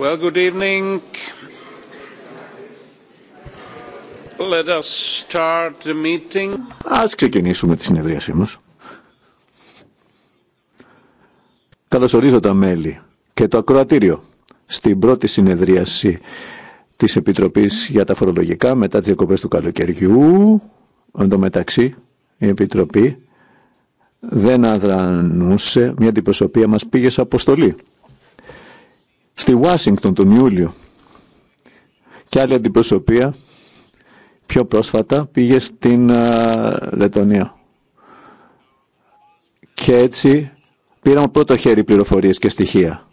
Well, good evening. Let us start the meeting. Ας ξεκινήσουμε τη συνεδρίασή μας. Καλωσορίζω τα μέλη και το ακροατήριο στην πρώτη συνεδρίαση της Επιτροπής για τα Φορολογικά μετά τις διακοπές του καλοκαιριού. Εν τω μεταξύ, η Επιτροπή δεν αδρανούσε, μια αντιπροσωπεία μας πήγε σε αποστολή στη Ουάσιγκτον τον Ιούλιο. Και άλλη αντιπροσωπεία πιο πρόσφατα πήγε στην Λετωνία. Και έτσι πήραμε πρώτο χέρι πληροφορίες και στοιχεία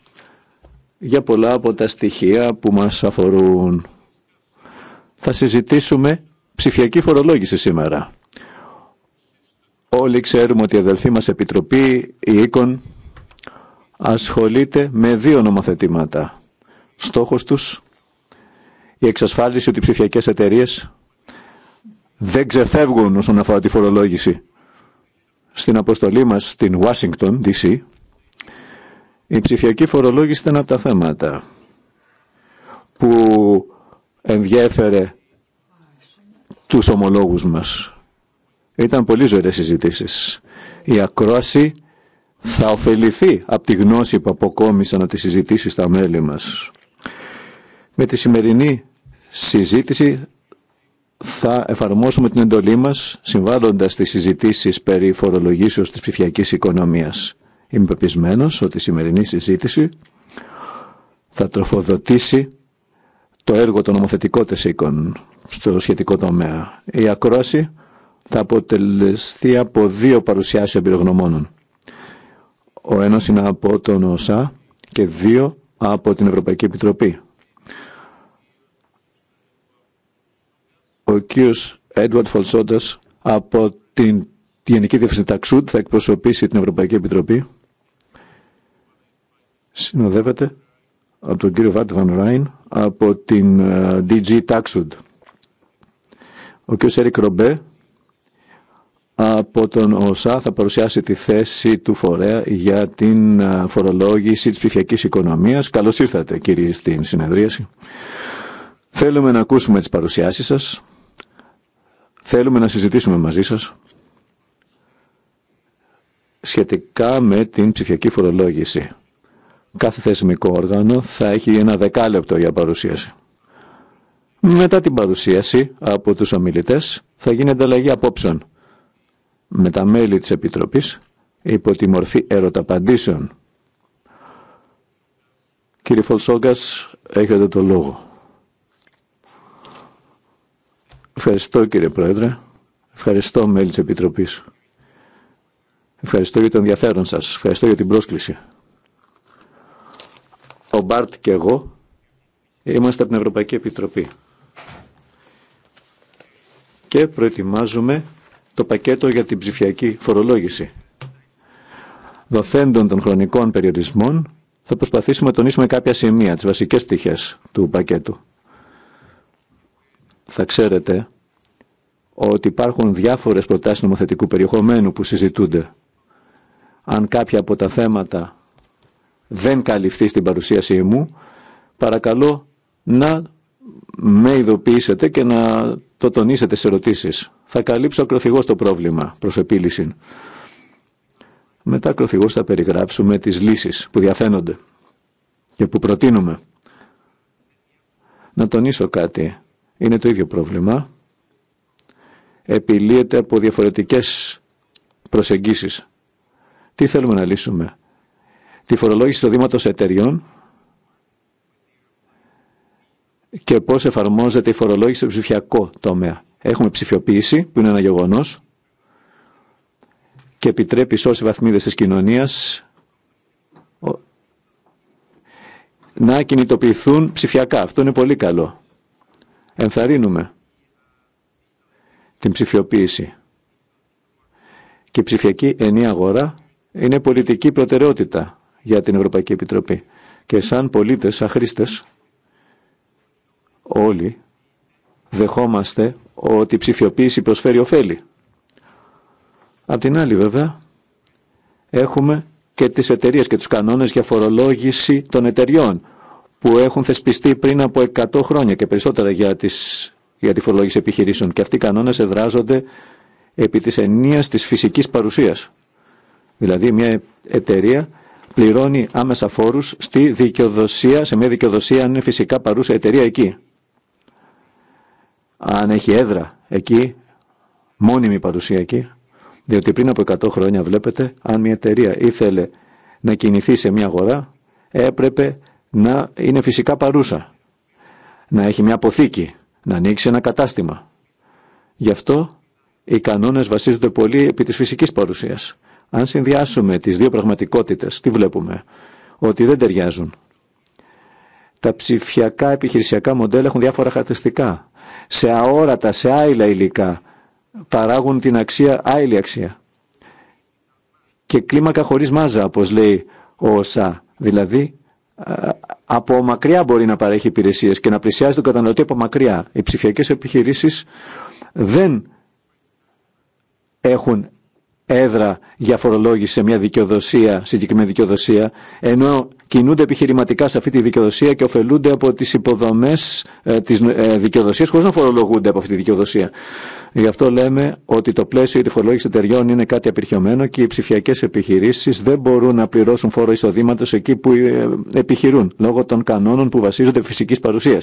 για πολλά από τα στοιχεία που μας αφορούν. Θα συζητήσουμε ψηφιακή φορολόγηση σήμερα. Όλοι ξέρουμε ότι η αδελφή μας Επιτροπή, η ΕΚΟΝ, ασχολείται με δύο νομοθετήματα. Στόχος τους η εξασφάλιση ότι οι ψηφιακές εταιρείες δεν ξεφεύγουν όσον αφορά τη φορολόγηση. Στην αποστολή μας στην Washington, D.C., η ψηφιακή φορολόγηση ήταν από τα θέματα που ενδιέφερε τους ομολόγους μας. Ήταν πολύ ζωηρές συζητήσεις. Η ακρόαση θα ωφεληθεί από τη γνώση που αποκόμισαν να τις συζητήσει στα μέλη μας. Με τη σημερινή συζήτηση θα εφαρμόσουμε την εντολή μας συμβάλλοντας τις συζητήσεις περί φορολογήσεως της ψηφιακής οικονομίας. Είμαι πεπισμένος ότι η σημερινή συζήτηση θα τροφοδοτήσει το έργο των νομοθετικότητες οίκων στο σχετικό τομέα. Η ακρόαση θα αποτελεστεί από δύο παρουσιάσεις εμπειρογνωμόνων. Ο ένας είναι από τον ΟΣΑ και δύο από την Ευρωπαϊκή Επιτροπή. Ο κύριος Έντουαρτ Φολσόντας από την Γενική Διεύθυνση Ταξούντ θα εκπροσωπήσει την Ευρωπαϊκή Επιτροπή. Συνοδεύεται από τον κύριο Βάτ Βαν Ράιν από την DG ε, Taxud. Ο κ. Έρικ Ρομπέ από τον ΩΣΑ θα παρουσιάσει τη θέση του φορέα για την φορολόγηση της ψηφιακής οικονομίας. Καλώς ήρθατε κύριοι στην συνεδρίαση. Θέλουμε να ακούσουμε τις παρουσιάσεις σας. Θέλουμε να συζητήσουμε μαζί σας σχετικά με την ψηφιακή φορολόγηση. Κάθε θεσμικό όργανο θα έχει ένα δεκάλεπτο για παρουσίαση. Μετά την παρουσίαση από τους ομιλητές θα γίνει ανταλλαγή απόψεων με τα μέλη της Επιτροπής υπό τη μορφή ερωταπαντήσεων. Κύριε Φολσόγκας, έχετε το λόγο. Ευχαριστώ κύριε Πρόεδρε. Ευχαριστώ μέλη της Επιτροπής. Ευχαριστώ για τον ενδιαφέρον σας. Ευχαριστώ για την πρόσκληση. Ο Μπάρτ και εγώ είμαστε από την Ευρωπαϊκή Επιτροπή και προετοιμάζουμε το πακέτο για την ψηφιακή φορολόγηση. Δοθέντων των χρονικών περιορισμών, θα προσπαθήσουμε να τονίσουμε κάποια σημεία, τις βασικές πτυχές του πακέτου. Θα ξέρετε ότι υπάρχουν διάφορες προτάσεις νομοθετικού περιεχομένου που συζητούνται. Αν κάποια από τα θέματα δεν καλυφθεί στην παρουσίασή μου, παρακαλώ να με ειδοποιήσετε και να το τονίσετε σε ερωτήσει. Θα καλύψω ακροθυγώς το πρόβλημα προς επίλυση. Μετά ακροθυγώς θα περιγράψουμε τις λύσεις που διαφαίνονται και που προτείνουμε. Να τονίσω κάτι. Είναι το ίδιο πρόβλημα. Επιλύεται από διαφορετικές προσεγγίσεις. Τι θέλουμε να λύσουμε. Τη φορολόγηση εισοδήματο εταιριών και πώς εφαρμόζεται η φορολόγηση στο ψηφιακό τομέα. Έχουμε ψηφιοποίηση, που είναι ένα γεγονός, και επιτρέπει σε όσοι βαθμίδες της κοινωνίας να κινητοποιηθούν ψηφιακά. Αυτό είναι πολύ καλό. Ενθαρρύνουμε την ψηφιοποίηση. Και η ψηφιακή ενία αγορά είναι πολιτική προτεραιότητα για την Ευρωπαϊκή Επιτροπή. Και σαν πολίτες, σαν χρήστες, Όλοι δεχόμαστε ότι η ψηφιοποίηση προσφέρει ωφέλη. Απ' την άλλη βέβαια έχουμε και τις εταιρείες και τους κανόνες για φορολόγηση των εταιριών που έχουν θεσπιστεί πριν από 100 χρόνια και περισσότερα για, τις, για τη φορολόγηση επιχειρήσεων και αυτοί οι κανόνες εδράζονται επί της ενίας της φυσικής παρουσίας. Δηλαδή μια εταιρεία πληρώνει άμεσα φόρους στη δικαιοδοσία, σε μια δικαιοδοσία αν είναι φυσικά παρούσα εταιρεία εκεί αν έχει έδρα εκεί, μόνιμη παρουσία εκεί, διότι πριν από 100 χρόνια βλέπετε, αν μια εταιρεία ήθελε να κινηθεί σε μια αγορά, έπρεπε να είναι φυσικά παρούσα, να έχει μια αποθήκη, να ανοίξει ένα κατάστημα. Γι' αυτό οι κανόνες βασίζονται πολύ επί της φυσικής παρουσίας. Αν συνδυάσουμε τις δύο πραγματικότητες, τι βλέπουμε, ότι δεν ταιριάζουν. Τα ψηφιακά επιχειρησιακά μοντέλα έχουν διάφορα χαρακτηριστικά σε αόρατα, σε άειλα υλικά, παράγουν την αξία, άειλη αξία. Και κλίμακα χωρίς μάζα, όπως λέει ο ΩΣΑ. Δηλαδή, από μακριά μπορεί να παρέχει υπηρεσίε και να πλησιάζει τον καταναλωτή από μακριά. Οι ψηφιακέ επιχειρήσει δεν έχουν έδρα για φορολόγηση σε μια δικαιοδοσία, συγκεκριμένη δικαιοδοσία, ενώ κινούνται επιχειρηματικά σε αυτή τη δικαιοδοσία και ωφελούνται από τις υποδομές ε, της ε, δικαιοδοσίας χωρίς να φορολογούνται από αυτή τη δικαιοδοσία. Γι' αυτό λέμε ότι το πλαίσιο τη φορολόγηση εταιριών είναι κάτι απερχιωμένο και οι ψηφιακέ επιχειρήσει δεν μπορούν να πληρώσουν φόρο εισοδήματο εκεί που ε, επιχειρούν, λόγω των κανόνων που βασίζονται φυσική παρουσία.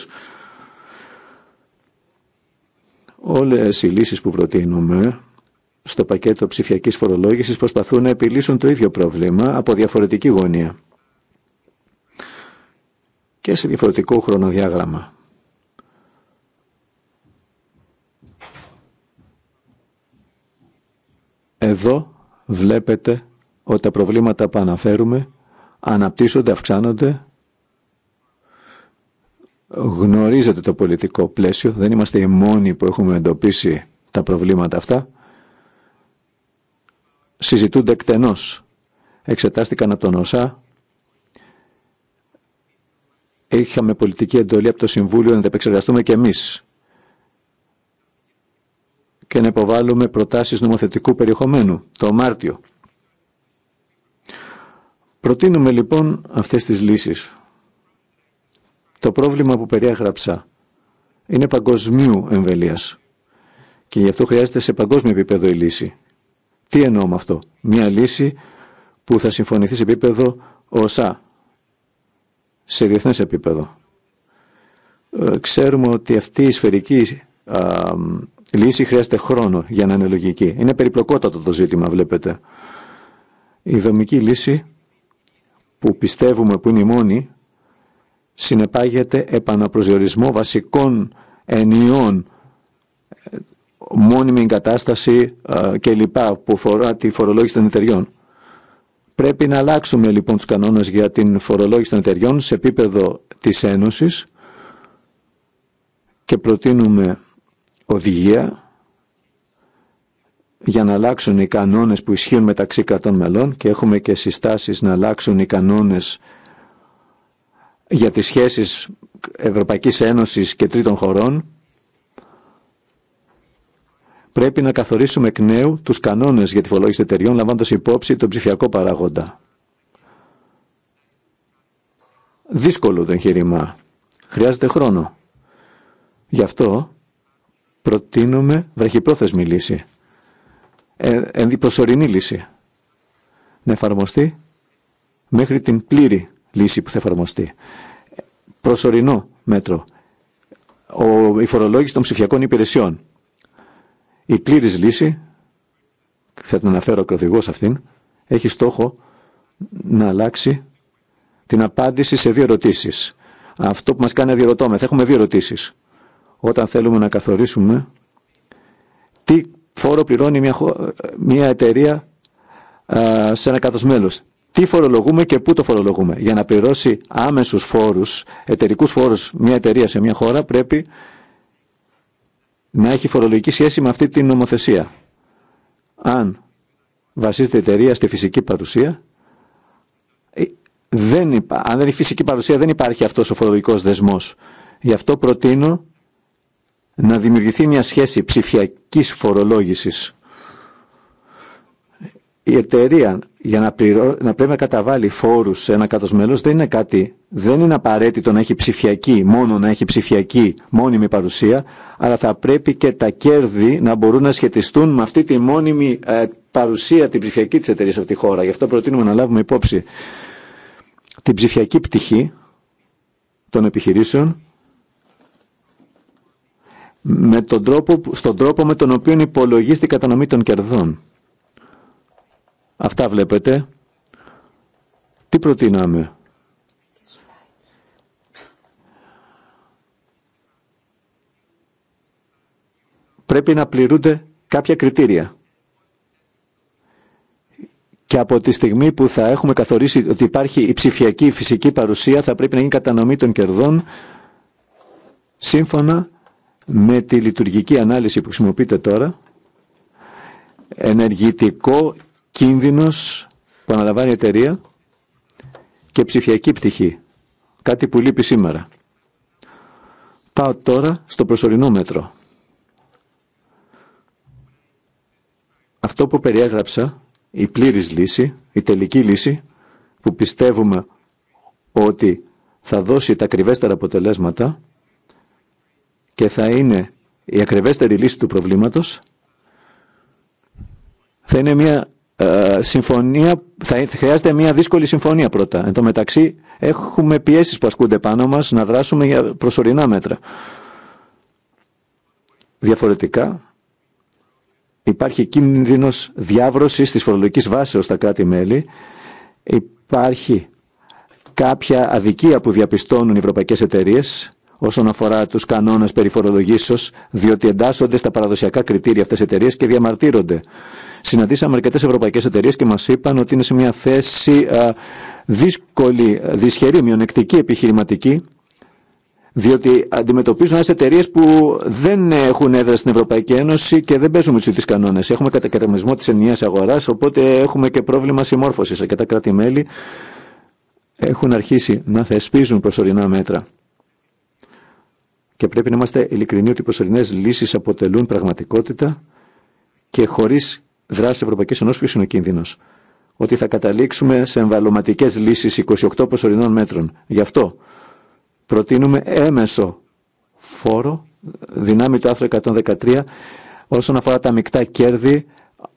Όλε οι λύσει που προτείνουμε στο πακέτο ψηφιακή φορολόγηση προσπαθούν να επιλύσουν το ίδιο πρόβλημα από διαφορετική γωνία και σε διαφορετικό χρονοδιάγραμμα. Εδώ βλέπετε ότι τα προβλήματα που αναφέρουμε αναπτύσσονται, αυξάνονται. Γνωρίζετε το πολιτικό πλαίσιο, δεν είμαστε οι μόνοι που έχουμε εντοπίσει τα προβλήματα αυτά. Συζητούνται εκτενώς. Εξετάστηκαν από τον ΩΣΑ είχαμε πολιτική εντολή από το Συμβούλιο να τα επεξεργαστούμε και εμείς και να υποβάλουμε προτάσεις νομοθετικού περιεχομένου το Μάρτιο. Προτείνουμε λοιπόν αυτές τις λύσεις. Το πρόβλημα που περιέγραψα είναι παγκοσμίου εμβελίας και γι' αυτό χρειάζεται σε παγκόσμιο επίπεδο η λύση. Τι εννοώ με αυτό. Μια λύση που θα συμφωνηθεί σε επίπεδο ΟΣΑ, σε διεθνέ επίπεδο. Ε, ξέρουμε ότι αυτή η σφαιρική λύση χρειάζεται χρόνο για να είναι λογική. Είναι περιπλοκότατο το ζήτημα, βλέπετε. Η δομική λύση που πιστεύουμε που είναι η μόνη συνεπάγεται επαναπροσδιορισμό βασικών ενιών ε, μόνιμη εγκατάσταση κλπ. που φορά τη φορολόγηση των εταιριών. Πρέπει να αλλάξουμε λοιπόν τους κανόνες για την φορολόγηση των εταιριών σε επίπεδο της Ένωσης και προτείνουμε οδηγία για να αλλάξουν οι κανόνες που ισχύουν μεταξύ κρατών μελών και έχουμε και συστάσεις να αλλάξουν οι κανόνες για τις σχέσεις Ευρωπαϊκής Ένωσης και τρίτων χωρών πρέπει να καθορίσουμε εκ νέου τους κανόνες για τη φορολόγηση εταιριών λαμβάνοντας υπόψη τον ψηφιακό παράγοντα. Δύσκολο το εγχείρημα. Χρειάζεται χρόνο. Γι' αυτό προτείνουμε βραχυπρόθεσμη λύση. Ε, προσωρινή λύση. Να εφαρμοστεί μέχρι την πλήρη λύση που θα εφαρμοστεί. Προσωρινό μέτρο. Ο, η φορολόγηση των ψηφιακών υπηρεσιών. Η πλήρης λύση, θα την αναφέρω οδηγό αυτήν, έχει στόχο να αλλάξει την απάντηση σε δύο ερωτήσει. Αυτό που μας κάνει να έχουμε δύο ερωτήσει. Όταν θέλουμε να καθορίσουμε τι φόρο πληρώνει μια, μια εταιρεία σε ένα κάτω Τι φορολογούμε και πού το φορολογούμε. Για να πληρώσει άμεσους φόρους, εταιρικούς φόρους μια εταιρεία σε μια χώρα πρέπει να έχει φορολογική σχέση με αυτή την νομοθεσία. Αν βασίζεται η εταιρεία στη φυσική παρουσία, ε, δεν υπά... αν δεν είναι φυσική παρουσία δεν υπάρχει αυτός ο φορολογικός δεσμός. Γι' αυτό προτείνω να δημιουργηθεί μια σχέση ψηφιακής φορολόγησης η εταιρεία για να, να πρέπει να καταβάλει φόρους σε ένα κάτω μέλος δεν είναι κάτι, δεν είναι απαραίτητο να έχει ψηφιακή, μόνο να έχει ψηφιακή μόνιμη παρουσία, αλλά θα πρέπει και τα κέρδη να μπορούν να σχετιστούν με αυτή τη μόνιμη ε, παρουσία, την ψηφιακή της εταιρείας σε αυτή τη χώρα. Γι' αυτό προτείνουμε να λάβουμε υπόψη την ψηφιακή πτυχή των επιχειρήσεων με τον τρόπο, στον τρόπο με τον οποίο υπολογίζει την κατανομή των κερδών. Αυτά βλέπετε. Τι προτείναμε. Πρέπει να πληρούνται κάποια κριτήρια. Και από τη στιγμή που θα έχουμε καθορίσει ότι υπάρχει η ψηφιακή φυσική παρουσία, θα πρέπει να γίνει κατανομή των κερδών σύμφωνα με τη λειτουργική ανάλυση που χρησιμοποιείται τώρα, ενεργητικό κίνδυνος που αναλαμβάνει η εταιρεία και ψηφιακή πτυχή, κάτι που λείπει σήμερα. Πάω τώρα στο προσωρινό μέτρο. Αυτό που περιέγραψα, η πλήρης λύση, η τελική λύση, που πιστεύουμε ότι θα δώσει τα ακριβέστερα αποτελέσματα και θα είναι η ακριβέστερη λύση του προβλήματος, θα είναι μια ε, συμφωνία, θα χρειάζεται μια δύσκολη συμφωνία πρώτα. Εν τω μεταξύ έχουμε πιέσεις που ασκούνται πάνω μας να δράσουμε για προσωρινά μέτρα. Διαφορετικά υπάρχει κίνδυνος διάβρωσης της φορολογικής βάσης στα κράτη-μέλη. Υπάρχει κάποια αδικία που διαπιστώνουν οι ευρωπαϊκές εταιρείες όσον αφορά τους κανόνες περιφορολογήσεως διότι εντάσσονται στα παραδοσιακά κριτήρια αυτές οι εταιρείε και διαμαρτύρονται. Συναντήσαμε αρκετές ευρωπαϊκές εταιρείε και μας είπαν ότι είναι σε μια θέση δύσκολη, δυσχερή, μειονεκτική επιχειρηματική, διότι αντιμετωπίζουν άλλε εταιρείε που δεν έχουν έδρα στην Ευρωπαϊκή Ένωση και δεν παίζουν με του ίδιου κανόνε. Έχουμε κατακαιρματισμό τη ενιαία αγορά, οπότε έχουμε και πρόβλημα συμμόρφωση. Αρκετά έχουν αρχίσει να θεσπίζουν προσωρινά μέτρα και πρέπει να είμαστε ειλικρινοί ότι οι προσωρινέ λύσει αποτελούν πραγματικότητα και χωρί δράση Ευρωπαϊκή Ενώση, ποιο είναι ο κίνδυνο. Ότι θα καταλήξουμε σε εμβαλωματικέ λύσει 28 προσωρινών μέτρων. Γι' αυτό προτείνουμε έμεσο φόρο, δυνάμει του άρθρου 113, όσον αφορά τα μεικτά κέρδη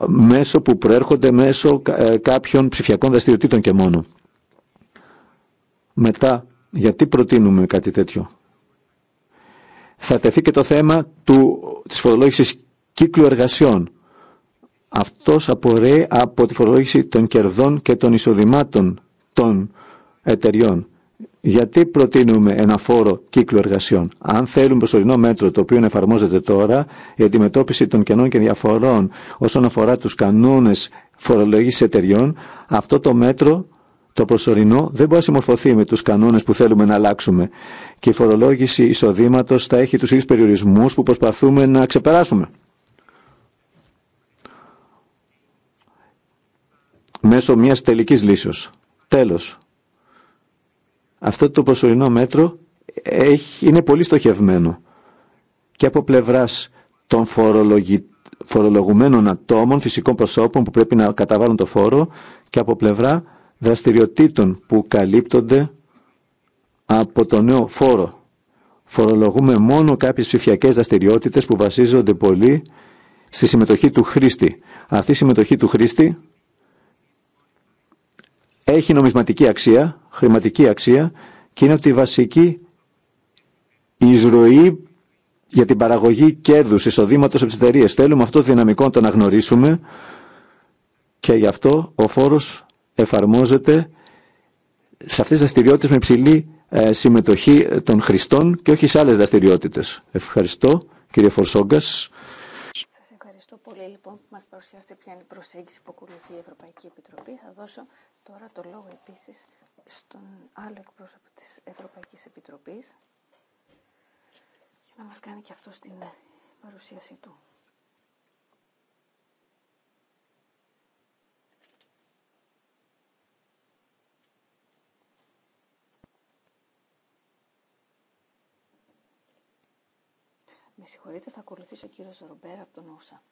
μέσω που προέρχονται μέσω ε, κάποιων ψηφιακών δραστηριοτήτων και μόνο. Μετά, γιατί προτείνουμε κάτι τέτοιο θα τεθεί και το θέμα του, της φορολόγησης κύκλου εργασιών. Αυτός απορρέει από τη φορολόγηση των κερδών και των εισοδημάτων των εταιριών. Γιατί προτείνουμε ένα φόρο κύκλου εργασιών. Αν θέλουμε προσωρινό μέτρο το οποίο εφαρμόζεται τώρα, η αντιμετώπιση των κενών και διαφορών όσον αφορά τους κανόνες φορολογής εταιριών, αυτό το μέτρο το προσωρινό δεν μπορεί να συμμορφωθεί με τους κανόνες που θέλουμε να αλλάξουμε και η φορολόγηση εισοδήματο θα έχει τους ίδιου περιορισμού που προσπαθούμε να ξεπεράσουμε. Μέσω μιας τελικής λύση. Τέλος. Αυτό το προσωρινό μέτρο έχει, είναι πολύ στοχευμένο και από πλευρά των φορολογητών φορολογουμένων ατόμων, φυσικών προσώπων που πρέπει να καταβάλουν το φόρο και από πλευρά δραστηριοτήτων που καλύπτονται από το νέο φόρο. Φορολογούμε μόνο κάποιες ψηφιακές δραστηριότητες που βασίζονται πολύ στη συμμετοχή του χρήστη. Αυτή η συμμετοχή του χρήστη έχει νομισματική αξία, χρηματική αξία και είναι τη βασική εισρωή για την παραγωγή κέρδους εισοδήματος από Θέλουμε αυτό το δυναμικό να το αναγνωρίσουμε και γι' αυτό ο φόρος εφαρμόζεται σε αυτές τις δραστηριότητες με υψηλή ε, συμμετοχή των χρηστών και όχι σε άλλες δραστηριότητες. Ευχαριστώ κύριε Φορσόγκας. Σας ευχαριστώ πολύ λοιπόν που μας παρουσιάσετε ποια είναι η προσέγγιση που ακολουθεί η Ευρωπαϊκή Επιτροπή. Θα δώσω τώρα το λόγο επίσης στον άλλο εκπρόσωπο της Ευρωπαϊκής Επιτροπής για να μας κάνει και αυτό στην παρουσίαση του. Με συγχωρείτε, θα ακολουθήσει ο κύριο Ρομπέρα από τον Όσα.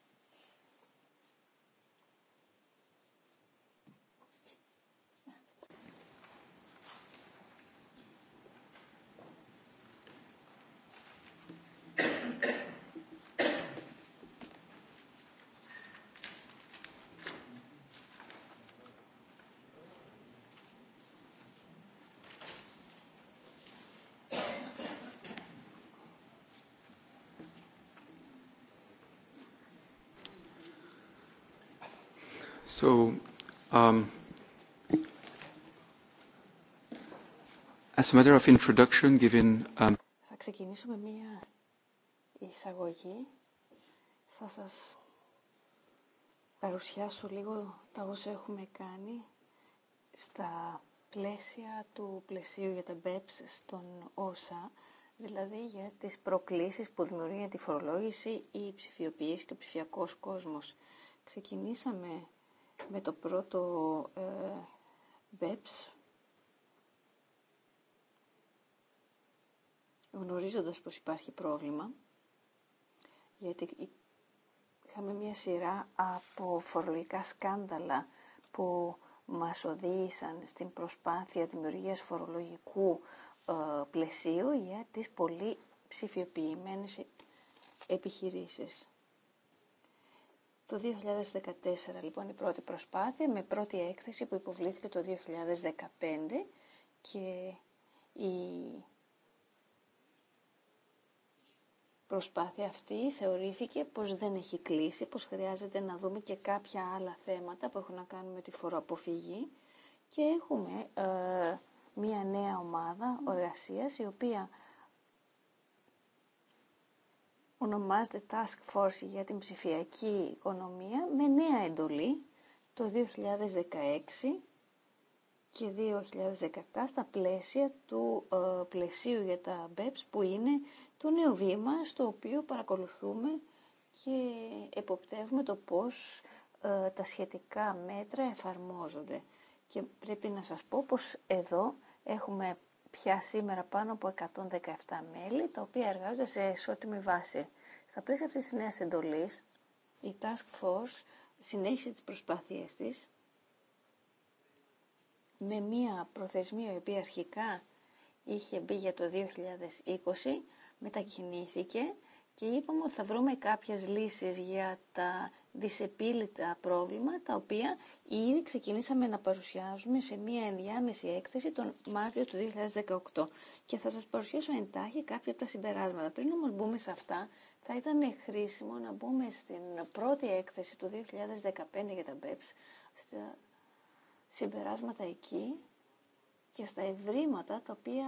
So, um, as introduction, given... Um... Θα ξεκινήσουμε μία εισαγωγή. Θα σας παρουσιάσω λίγο τα όσα έχουμε κάνει στα πλαίσια του πλαισίου για τα BEPS στον Όσα, δηλαδή για τις προκλήσεις που δημιουργεί τη φορολόγηση ή η ψηφιοποίηση και ο ψηφιακός κόσμος. Ξεκινήσαμε με το πρώτο ε, BEPS, γνωρίζοντας πως υπάρχει πρόβλημα, γιατί είχαμε μια σειρά από φορολογικά σκάνδαλα που μας οδήγησαν στην προσπάθεια δημιουργίας φορολογικού ε, πλαισίου για τις πολύ ψηφιοποιημένες επιχειρήσεις. Το 2014 λοιπόν η πρώτη προσπάθεια με πρώτη έκθεση που υποβλήθηκε το 2015 και η προσπάθεια αυτή θεωρήθηκε πως δεν έχει κλείσει, πως χρειάζεται να δούμε και κάποια άλλα θέματα που έχουν να κάνουν με τη φοροαποφυγή και έχουμε ε, μία νέα ομάδα οργασίας η οποία ονομάζεται Task Force για την ψηφιακή οικονομία με νέα εντολή το 2016 και 2017 στα πλαίσια του ε, πλαισίου για τα BEPS ε που είναι το νέο βήμα στο οποίο παρακολουθούμε και εποπτεύουμε το πώς ε, τα σχετικά μέτρα εφαρμόζονται. Και πρέπει να σας πω πως εδώ έχουμε πια σήμερα πάνω από 117 μέλη, τα οποία εργάζονται σε ισότιμη βάση. Στα πλαίσια αυτής της νέας εντολής, η Task Force συνέχισε τις προσπάθειές της με μία προθεσμία η οποία αρχικά είχε μπει για το 2020, μετακινήθηκε και είπαμε ότι θα βρούμε κάποιες λύσεις για τα δυσεπίλητα πρόβλημα, τα οποία ήδη ξεκινήσαμε να παρουσιάζουμε σε μία ενδιάμεση έκθεση τον Μάρτιο του 2018. Και θα σας παρουσιάσω εντάχει κάποια από τα συμπεράσματα. Πριν όμως μπούμε σε αυτά, θα ήταν χρήσιμο να μπούμε στην πρώτη έκθεση του 2015 για τα BEPS, στα συμπεράσματα εκεί και στα ευρήματα τα οποία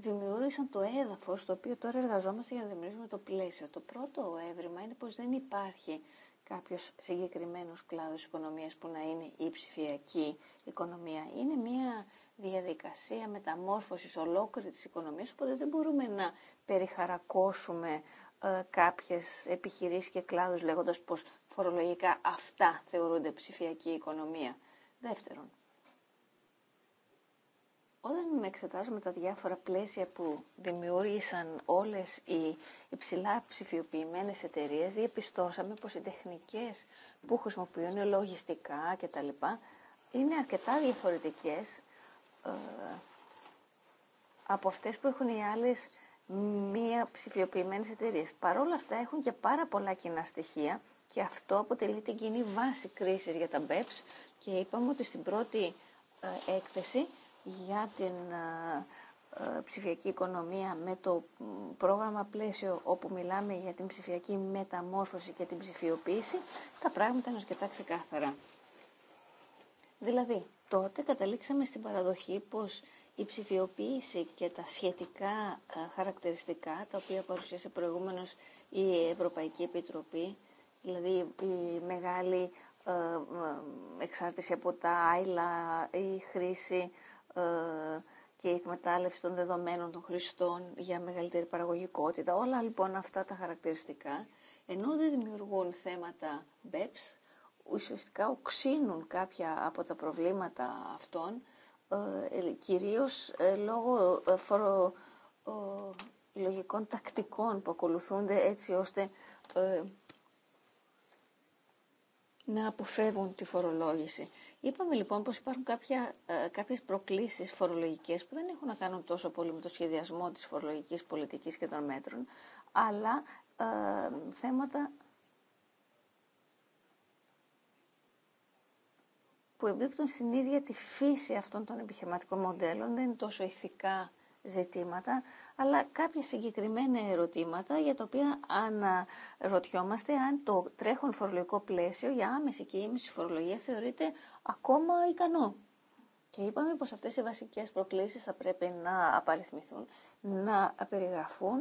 δημιούργησαν το έδαφος στο οποίο τώρα εργαζόμαστε για να δημιουργήσουμε το πλαίσιο. Το πρώτο έβριμα είναι πως δεν υπάρχει κάποιος συγκεκριμένος κλάδος οικονομίας που να είναι η ψηφιακή οικονομία. Είναι μια διαδικασία μεταμόρφωσης ολόκληρη της οικονομίας, οπότε δεν μπορούμε να περιχαρακώσουμε ε, κάποιες επιχειρήσεις και κλάδους λέγοντας πως φορολογικά αυτά θεωρούνται ψηφιακή οικονομία. Δεύτερον, όταν εξετάζουμε τα διάφορα πλαίσια που δημιούργησαν όλες οι υψηλά ψηφιοποιημένες εταιρείε, διαπιστώσαμε πως οι τεχνικές που χρησιμοποιούν λογιστικά κτλ. είναι αρκετά διαφορετικές ε, από αυτές που έχουν οι άλλες μία ψηφιοποιημένε εταιρείε. Παρ' όλα αυτά έχουν και πάρα πολλά κοινά στοιχεία και αυτό αποτελεί την κοινή βάση κρίσης για τα BEPS και είπαμε ότι στην πρώτη ε, έκθεση για την ε, ε, ψηφιακή οικονομία με το πρόγραμμα πλαίσιο όπου μιλάμε για την ψηφιακή μεταμόρφωση και την ψηφιοποίηση, τα πράγματα είναι αρκετά ξεκάθαρα. Δηλαδή, τότε καταλήξαμε στην παραδοχή πως η ψηφιοποίηση και τα σχετικά ε, χαρακτηριστικά τα οποία παρουσίασε προηγούμενος η Ευρωπαϊκή Επιτροπή, δηλαδή η μεγάλη εξάρτηση από τα άϊλα, η χρήση ε, και η εκμετάλλευση των δεδομένων των χρηστών για μεγαλύτερη παραγωγικότητα, όλα λοιπόν αυτά τα χαρακτηριστικά, ενώ δεν δημιουργούν θέματα BEPS, ουσιαστικά οξύνουν κάποια από τα προβλήματα αυτών, ε, κυρίως ε, λόγω φορολογικών τακτικών που ακολουθούνται έτσι ώστε να αποφεύγουν τη φορολόγηση. Είπαμε λοιπόν πως υπάρχουν κάποια, ε, κάποιες προκλήσεις φορολογικές που δεν έχουν να κάνουν τόσο πολύ με το σχεδιασμό της φορολογικής πολιτικής και των μέτρων, αλλά ε, θέματα που εμπίπτουν στην ίδια τη φύση αυτών των επιχειρηματικών μοντέλων, δεν είναι τόσο ηθικά ζητήματα, αλλά κάποια συγκεκριμένα ερωτήματα για τα οποία αναρωτιόμαστε αν το τρέχον φορολογικό πλαίσιο για άμεση και ήμιση φορολογία θεωρείται ακόμα ικανό. Και είπαμε πως αυτές οι βασικές προκλήσεις θα πρέπει να απαριθμηθούν, να περιγραφούν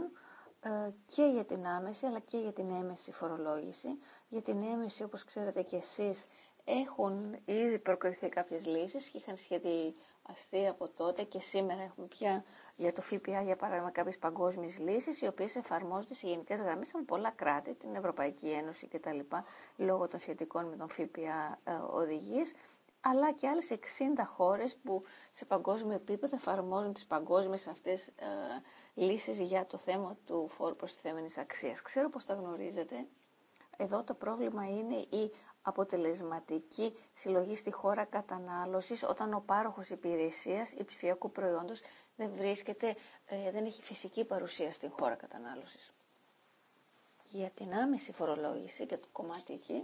ε, και για την άμεση αλλά και για την έμεση φορολόγηση. Για την έμεση όπως ξέρετε και εσείς έχουν ήδη προκριθεί κάποιες λύσεις και είχαν σχεδιαστεί από τότε και σήμερα έχουμε πια για το ΦΠΑ, για παράδειγμα, κάποιε παγκόσμιε λύσει, οι οποίε εφαρμόζονται σε γενικέ γραμμέ από πολλά κράτη, την Ευρωπαϊκή Ένωση κτλ., λόγω των σχετικών με τον ΦΠΑ ε, αλλά και άλλε 60 χώρε που σε παγκόσμιο επίπεδο εφαρμόζουν τι παγκόσμιε αυτέ ε, λύσει για το θέμα του φόρου προστιθέμενη αξία. Ξέρω πω τα γνωρίζετε. Εδώ το πρόβλημα είναι η αποτελεσματική συλλογή στη χώρα κατανάλωσης όταν ο πάροχος υπηρεσίας ή ψηφιακού προϊόντος δεν βρίσκεται, ε, δεν έχει φυσική παρουσία στην χώρα κατανάλωσης. Για την άμεση φορολόγηση και το κομμάτι εκεί,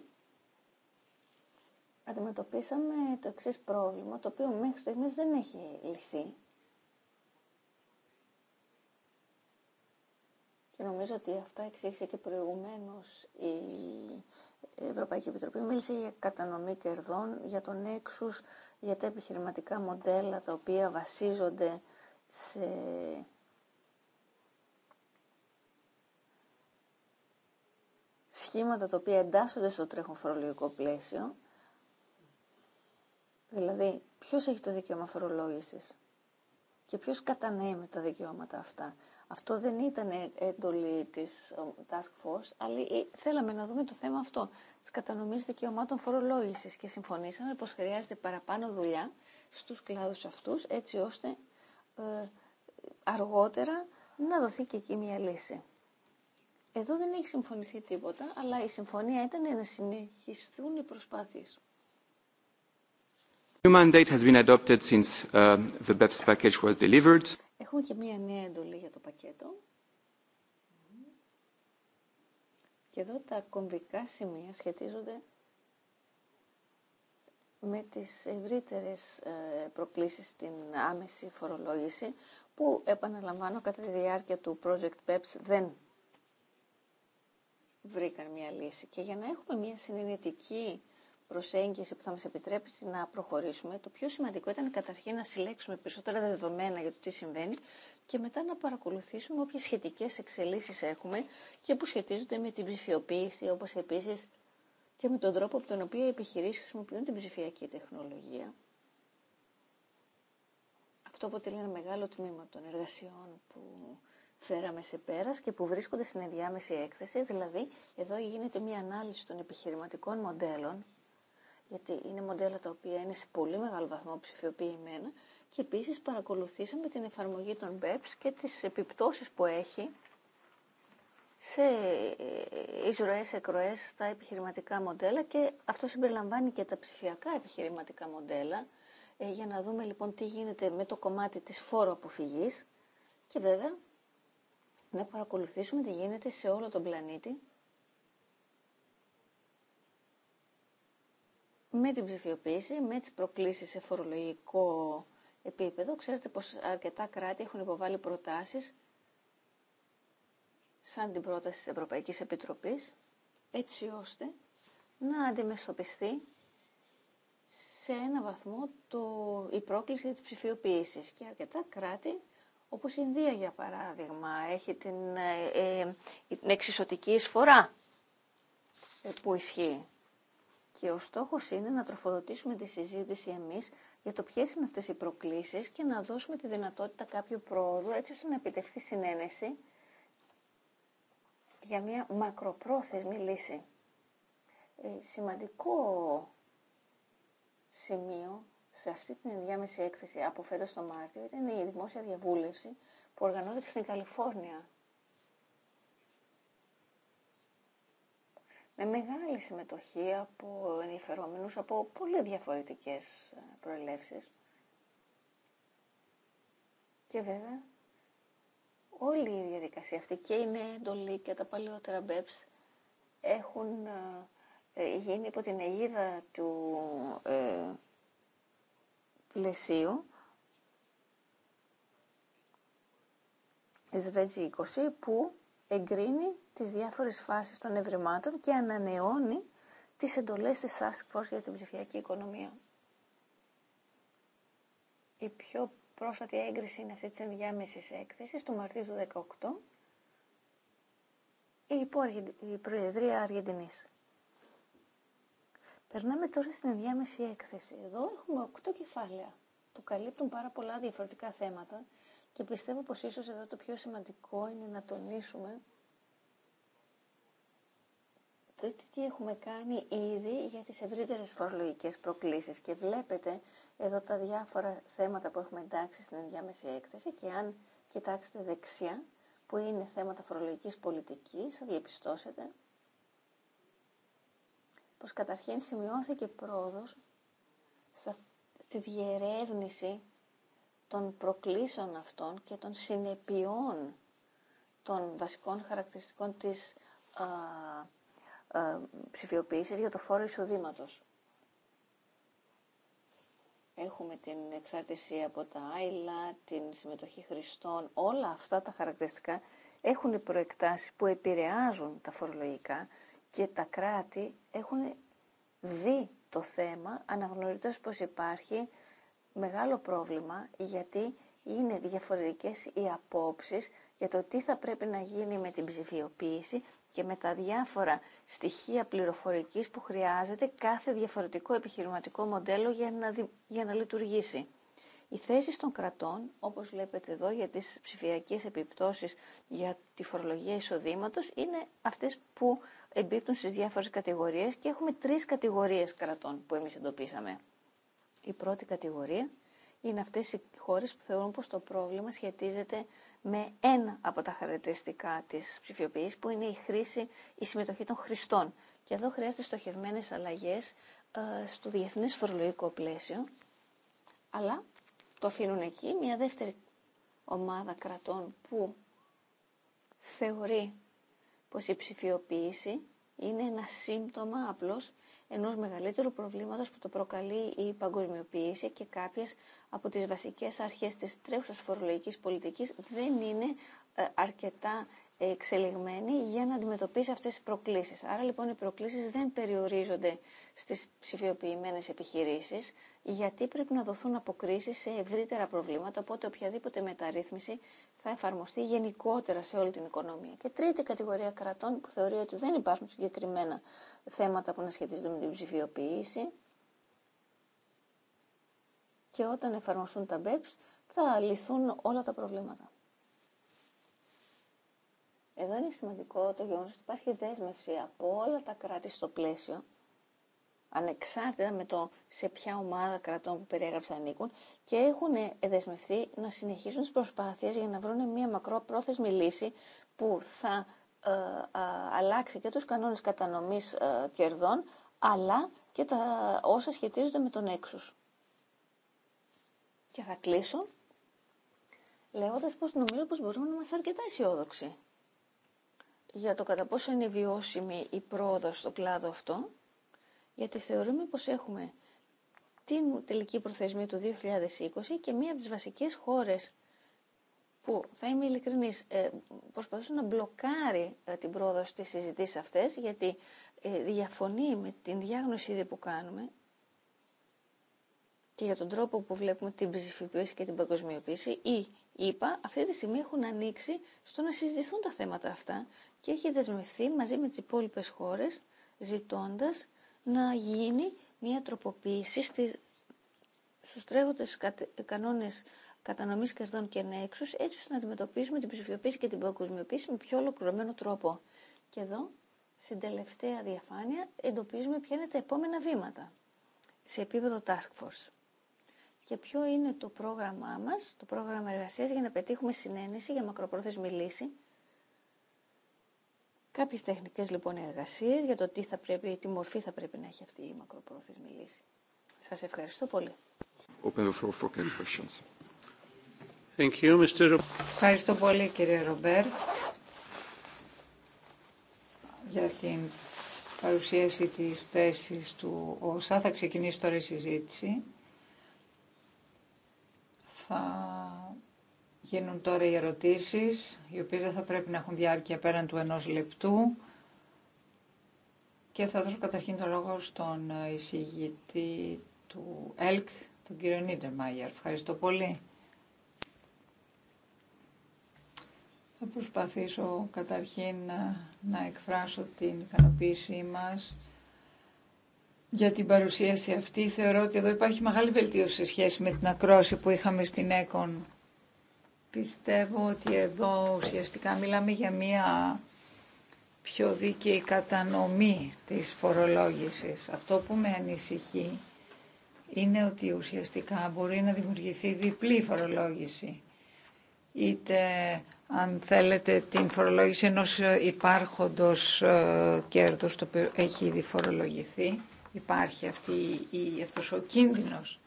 αντιμετωπίσαμε το εξή πρόβλημα, το οποίο μέχρι στιγμής δεν έχει λυθεί. Και νομίζω ότι αυτά εξήγησε και προηγουμένως η Ευρωπαϊκή Επιτροπή. Μίλησε για κατανομή κερδών, για τον έξους, για τα επιχειρηματικά μοντέλα τα οποία βασίζονται σε σχήματα τα οποία εντάσσονται στο τρέχον φορολογικό πλαίσιο. Δηλαδή, ποιος έχει το δικαίωμα φορολόγησης και ποιος κατανέει με τα δικαιώματα αυτά. Αυτό δεν ήταν έντολη της Task Force, αλλά ε, θέλαμε να δούμε το θέμα αυτό, της κατανομής δικαιωμάτων φορολόγησης και συμφωνήσαμε πως χρειάζεται παραπάνω δουλειά στους κλάδους αυτούς, έτσι ώστε ε, αργότερα να δοθεί και εκεί μια λύση. Εδώ δεν έχει συμφωνηθεί τίποτα, αλλά η συμφωνία ήταν να συνεχιστούν οι προσπάθειες. Uh, Έχουμε και μια νέα εντολή για το πακέτο. Και εδώ τα κομβικά σημεία σχετίζονται με τις ευρύτερες ε, προκλήσεις στην άμεση φορολόγηση που επαναλαμβάνω κατά τη διάρκεια του Project PEPS δεν βρήκαν μια λύση. Και για να έχουμε μια συνενετική προσέγγιση που θα μας επιτρέψει να προχωρήσουμε, το πιο σημαντικό ήταν καταρχήν να συλλέξουμε περισσότερα δεδομένα για το τι συμβαίνει και μετά να παρακολουθήσουμε όποιες σχετικές εξελίσεις έχουμε και που σχετίζονται με την ψηφιοποίηση, όπως επίσης και με τον τρόπο από τον οποίο οι επιχειρήσει χρησιμοποιούν την ψηφιακή τεχνολογία. Αυτό αποτελεί ένα μεγάλο τμήμα των εργασιών που φέραμε σε πέρας και που βρίσκονται στην ενδιάμεση έκθεση, δηλαδή εδώ γίνεται μια ανάλυση των επιχειρηματικών μοντέλων, γιατί είναι μοντέλα τα οποία είναι σε πολύ μεγάλο βαθμό ψηφιοποιημένα και επίσης παρακολουθήσαμε την εφαρμογή των BEPS και τις επιπτώσεις που έχει σε εισρωές, εκροές στα επιχειρηματικά μοντέλα και αυτό συμπεριλαμβάνει και τα ψηφιακά επιχειρηματικά μοντέλα ε, για να δούμε λοιπόν τι γίνεται με το κομμάτι της φόρου αποφυγής και βέβαια να παρακολουθήσουμε τι γίνεται σε όλο τον πλανήτη με την ψηφιοποίηση, με τις προκλήσεις σε φορολογικό επίπεδο. Ξέρετε πως αρκετά κράτη έχουν υποβάλει προτάσεις σαν την πρόταση της Ευρωπαϊκής Επιτροπής, έτσι ώστε να αντιμετωπιστεί σε ένα βαθμό το, η πρόκληση της ψηφιοποίησης. Και αρκετά κράτη, όπως η Ινδία για παράδειγμα, έχει την, ε, ε την εξισωτική εισφορά ε, που ισχύει. Και ο στόχος είναι να τροφοδοτήσουμε τη συζήτηση εμείς για το ποιες είναι αυτές οι προκλήσεις και να δώσουμε τη δυνατότητα κάποιου πρόοδου έτσι ώστε να επιτευχθεί συνένεση για μια μακροπρόθεσμη λύση. Ε, σημαντικό σημείο σε αυτή την ενδιάμεση έκθεση από φέτος το Μάρτιο ήταν η δημόσια διαβούλευση που οργανώθηκε στην Καλιφόρνια. Με μεγάλη συμμετοχή από ενδιαφερόμενους από πολύ διαφορετικές ε, προελεύσεις. Και βέβαια όλη η διαδικασία αυτή και η νέα εντολή και τα παλαιότερα BEPS έχουν ε, γίνει υπό την αιγίδα του ε, πλαισίου SDG 20 που εγκρίνει τις διάφορες φάσεις των ευρημάτων και ανανεώνει τις εντολές της Task για την ψηφιακή οικονομία. Η πιο πρόσφατη έγκριση είναι αυτή τη ενδιάμεση έκθεση του Μαρτίου του 2018 η, η Προεδρία Αργεντινής. Περνάμε τώρα στην ενδιάμεση έκθεση. Εδώ έχουμε 8 κεφάλαια που καλύπτουν πάρα πολλά διαφορετικά θέματα και πιστεύω πως ίσως εδώ το πιο σημαντικό είναι να τονίσουμε το τι έχουμε κάνει ήδη για τις ευρύτερες φορολογικές προκλήσεις και βλέπετε εδώ τα διάφορα θέματα που έχουμε εντάξει στην ενδιάμεση έκθεση και αν κοιτάξετε δεξιά, που είναι θέματα φορολογικής πολιτικής, θα διαπιστώσετε πως καταρχήν σημειώθηκε πρόοδος στη διερεύνηση των προκλήσεων αυτών και των συνεπειών των βασικών χαρακτηριστικών της α, ψηφιοποίησης για το φόρο εισοδήματος. Έχουμε την εξάρτηση από τα άειλα, την συμμετοχή χρηστών, όλα αυτά τα χαρακτηριστικά έχουν προεκτάσει που επηρεάζουν τα φορολογικά και τα κράτη έχουν δει το θέμα αναγνωρίζοντας πως υπάρχει μεγάλο πρόβλημα γιατί είναι διαφορετικές οι απόψεις για το τι θα πρέπει να γίνει με την ψηφιοποίηση και με τα διάφορα στοιχεία πληροφορικής που χρειάζεται κάθε διαφορετικό επιχειρηματικό μοντέλο για να, για να λειτουργήσει. Οι θέσει των κρατών, όπως βλέπετε εδώ, για τις ψηφιακές επιπτώσεις για τη φορολογία εισοδήματος, είναι αυτές που εμπίπτουν στις διάφορες κατηγορίες και έχουμε τρεις κατηγορίες κρατών που εμείς εντοπίσαμε. Η πρώτη κατηγορία είναι αυτές οι χώρες που θεωρούν πως το πρόβλημα σχετίζεται με ένα από τα χαρακτηριστικά της ψηφιοποίησης που είναι η χρήση, η συμμετοχή των χρηστών. Και εδώ χρειάζεται στοχευμένες αλλαγές ε, στο διεθνές φορολογικό πλαίσιο, αλλά το αφήνουν εκεί μια δεύτερη ομάδα κρατών που θεωρεί πως η ψηφιοποίηση είναι ένα σύμπτωμα απλώς ενός μεγαλύτερου προβλήματος που το προκαλεί η παγκοσμιοποίηση και κάποιες από τις βασικές αρχές της τρέχουσας φορολογικής πολιτικής δεν είναι ε, αρκετά εξελιγμένη για να αντιμετωπίσει αυτές τις προκλήσεις. Άρα λοιπόν οι προκλήσεις δεν περιορίζονται στις ψηφιοποιημένες επιχειρήσεις, γιατί πρέπει να δοθούν αποκρίσεις σε ευρύτερα προβλήματα, οπότε οποιαδήποτε μεταρρύθμιση θα εφαρμοστεί γενικότερα σε όλη την οικονομία. Και τρίτη κατηγορία κρατών που θεωρεί ότι δεν υπάρχουν συγκεκριμένα θέματα που να σχετίζονται με την ψηφιοποίηση και όταν εφαρμοστούν τα BEPS θα λυθούν όλα τα προβλήματα. Εδώ είναι σημαντικό το γεγονός ότι υπάρχει δέσμευση από όλα τα κράτη στο πλαίσιο ανεξάρτητα με το σε ποια ομάδα κρατών που περιέγραψαν ανήκουν και έχουν δεσμευθεί να συνεχίσουν τις προσπάθειες για να βρουν μια μακρόπρόθεσμη λύση που θα ε, αλλάξει και τους κανόνες κατανομής ε, κερδών αλλά και τα όσα σχετίζονται με τον έξους. Και θα κλείσω λέγοντας πως νομίζω πως μπορούμε να είμαστε αρκετά αισιόδοξοι για το κατά πόσο είναι βιώσιμη η πρόοδος το κλάδο αυτό γιατί θεωρούμε πως έχουμε την τελική προθεσμία του 2020 και μία από τις βασικές χώρες που, θα είμαι ειλικρινής, ε, προσπαθούσε να μπλοκάρει ε, την πρόοδο στις συζητήσεις αυτές, γιατί ε, διαφωνεί με την διάγνωση που κάνουμε και για τον τρόπο που βλέπουμε την ψηφιοποίηση και την παγκοσμιοποίηση, ή είπα, αυτή τη στιγμή έχουν ανοίξει στο να συζητηθούν τα θέματα αυτά και έχει δεσμευθεί μαζί με τις υπόλοιπε χώρες, ζητώντας να γίνει μια τροποποίηση στη, στους τρέχοντες κατε, κανόνες κατανομής κερδών και νέξους, έτσι ώστε να αντιμετωπίσουμε την ψηφιοποίηση και την παγκοσμιοποίηση με πιο ολοκληρωμένο τρόπο. Και εδώ, στην τελευταία διαφάνεια, εντοπίζουμε ποια είναι τα επόμενα βήματα σε επίπεδο task force. Και ποιο είναι το πρόγραμμά μας, το πρόγραμμα εργασίας, για να πετύχουμε συνένεση για μακροπρόθεσμη λύση, Κάποιε τεχνικέ λοιπόν εργασίε για το τι, θα πρέπει, τι μορφή θα πρέπει να έχει αυτή η μακροπρόθεσμη λύση. Σα ευχαριστώ πολύ. Open the for questions. Thank you, Mr. Ευχαριστώ πολύ κύριε Ρομπέρ για την παρουσίαση της θέσης του ΩΣΑ. Θα ξεκινήσει τώρα η συζήτηση. Θα Γίνουν τώρα οι ερωτήσεις, οι οποίες δεν θα πρέπει να έχουν διάρκεια πέραν του ενός λεπτού. Και θα δώσω καταρχήν το λόγο στον εισηγητή του ΕΛΚ, τον κύριο Νίντερμαγερ. Ευχαριστώ πολύ. Θα προσπαθήσω καταρχήν να εκφράσω την ικανοποίησή μας για την παρουσίαση αυτή. Θεωρώ ότι εδώ υπάρχει μεγάλη βελτίωση σε σχέση με την ακρόση που είχαμε στην ΕΚΟΝ Πιστεύω ότι εδώ ουσιαστικά μιλάμε για μία πιο δίκαιη κατανομή της φορολόγησης. Αυτό που με ανησυχεί είναι ότι ουσιαστικά μπορεί να δημιουργηθεί διπλή φορολόγηση. Είτε αν θέλετε την φορολόγηση ενός υπάρχοντος ε, κέρδους το οποίο έχει ήδη φορολογηθεί, υπάρχει αυτή, αυτός ο κίνδυνος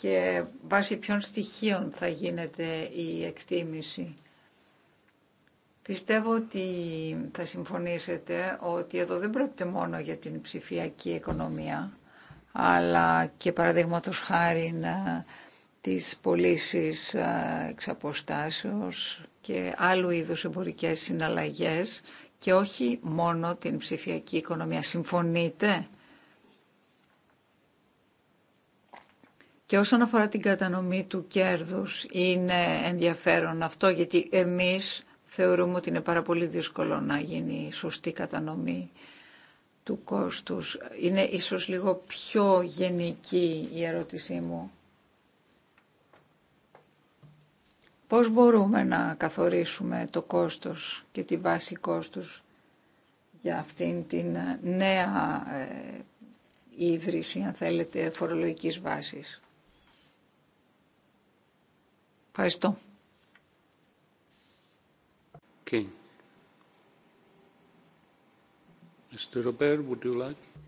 και βάσει ποιων στοιχείων θα γίνεται η εκτίμηση. Πιστεύω ότι θα συμφωνήσετε ότι εδώ δεν πρόκειται μόνο για την ψηφιακή οικονομία, αλλά και παραδείγματος χάρη ε, τις πωλήσει ε, εξ και άλλου είδους εμπορικές συναλλαγές και όχι μόνο την ψηφιακή οικονομία. Συμφωνείτε? Και όσον αφορά την κατανομή του κέρδους είναι ενδιαφέρον αυτό γιατί εμείς θεωρούμε ότι είναι πάρα πολύ δύσκολο να γίνει η σωστή κατανομή του κόστους. Είναι ίσως λίγο πιο γενική η ερώτησή μου. Πώς μπορούμε να καθορίσουμε το κόστος και τη βάση κόστους για αυτήν την νέα ε, ίδρυση, αν θέλετε, φορολογικής βάσης. Ευχαριστώ.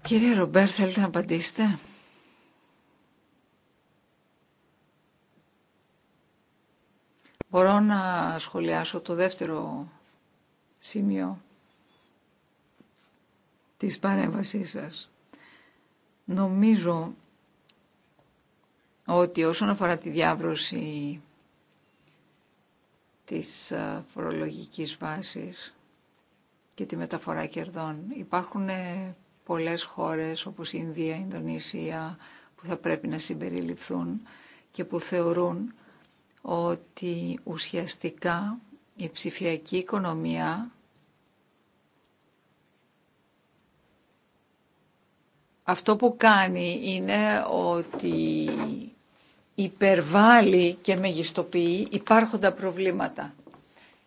Κύριε Ρομπέρ, θέλετε να απαντήσετε. Μπορώ να σχολιάσω το δεύτερο σημείο της παρέμβασής σας. Νομίζω ότι όσον αφορά τη διάβρωση της ε, φορολογικής βάσης και τη μεταφορά κερδών. Υπάρχουν ε, πολλές χώρες όπως η Ινδία, η Ινδονησία που θα πρέπει να συμπεριληφθούν και που θεωρούν ότι ουσιαστικά η ψηφιακή οικονομία αυτό που κάνει είναι ότι υπερβάλλει και μεγιστοποιεί υπάρχοντα προβλήματα.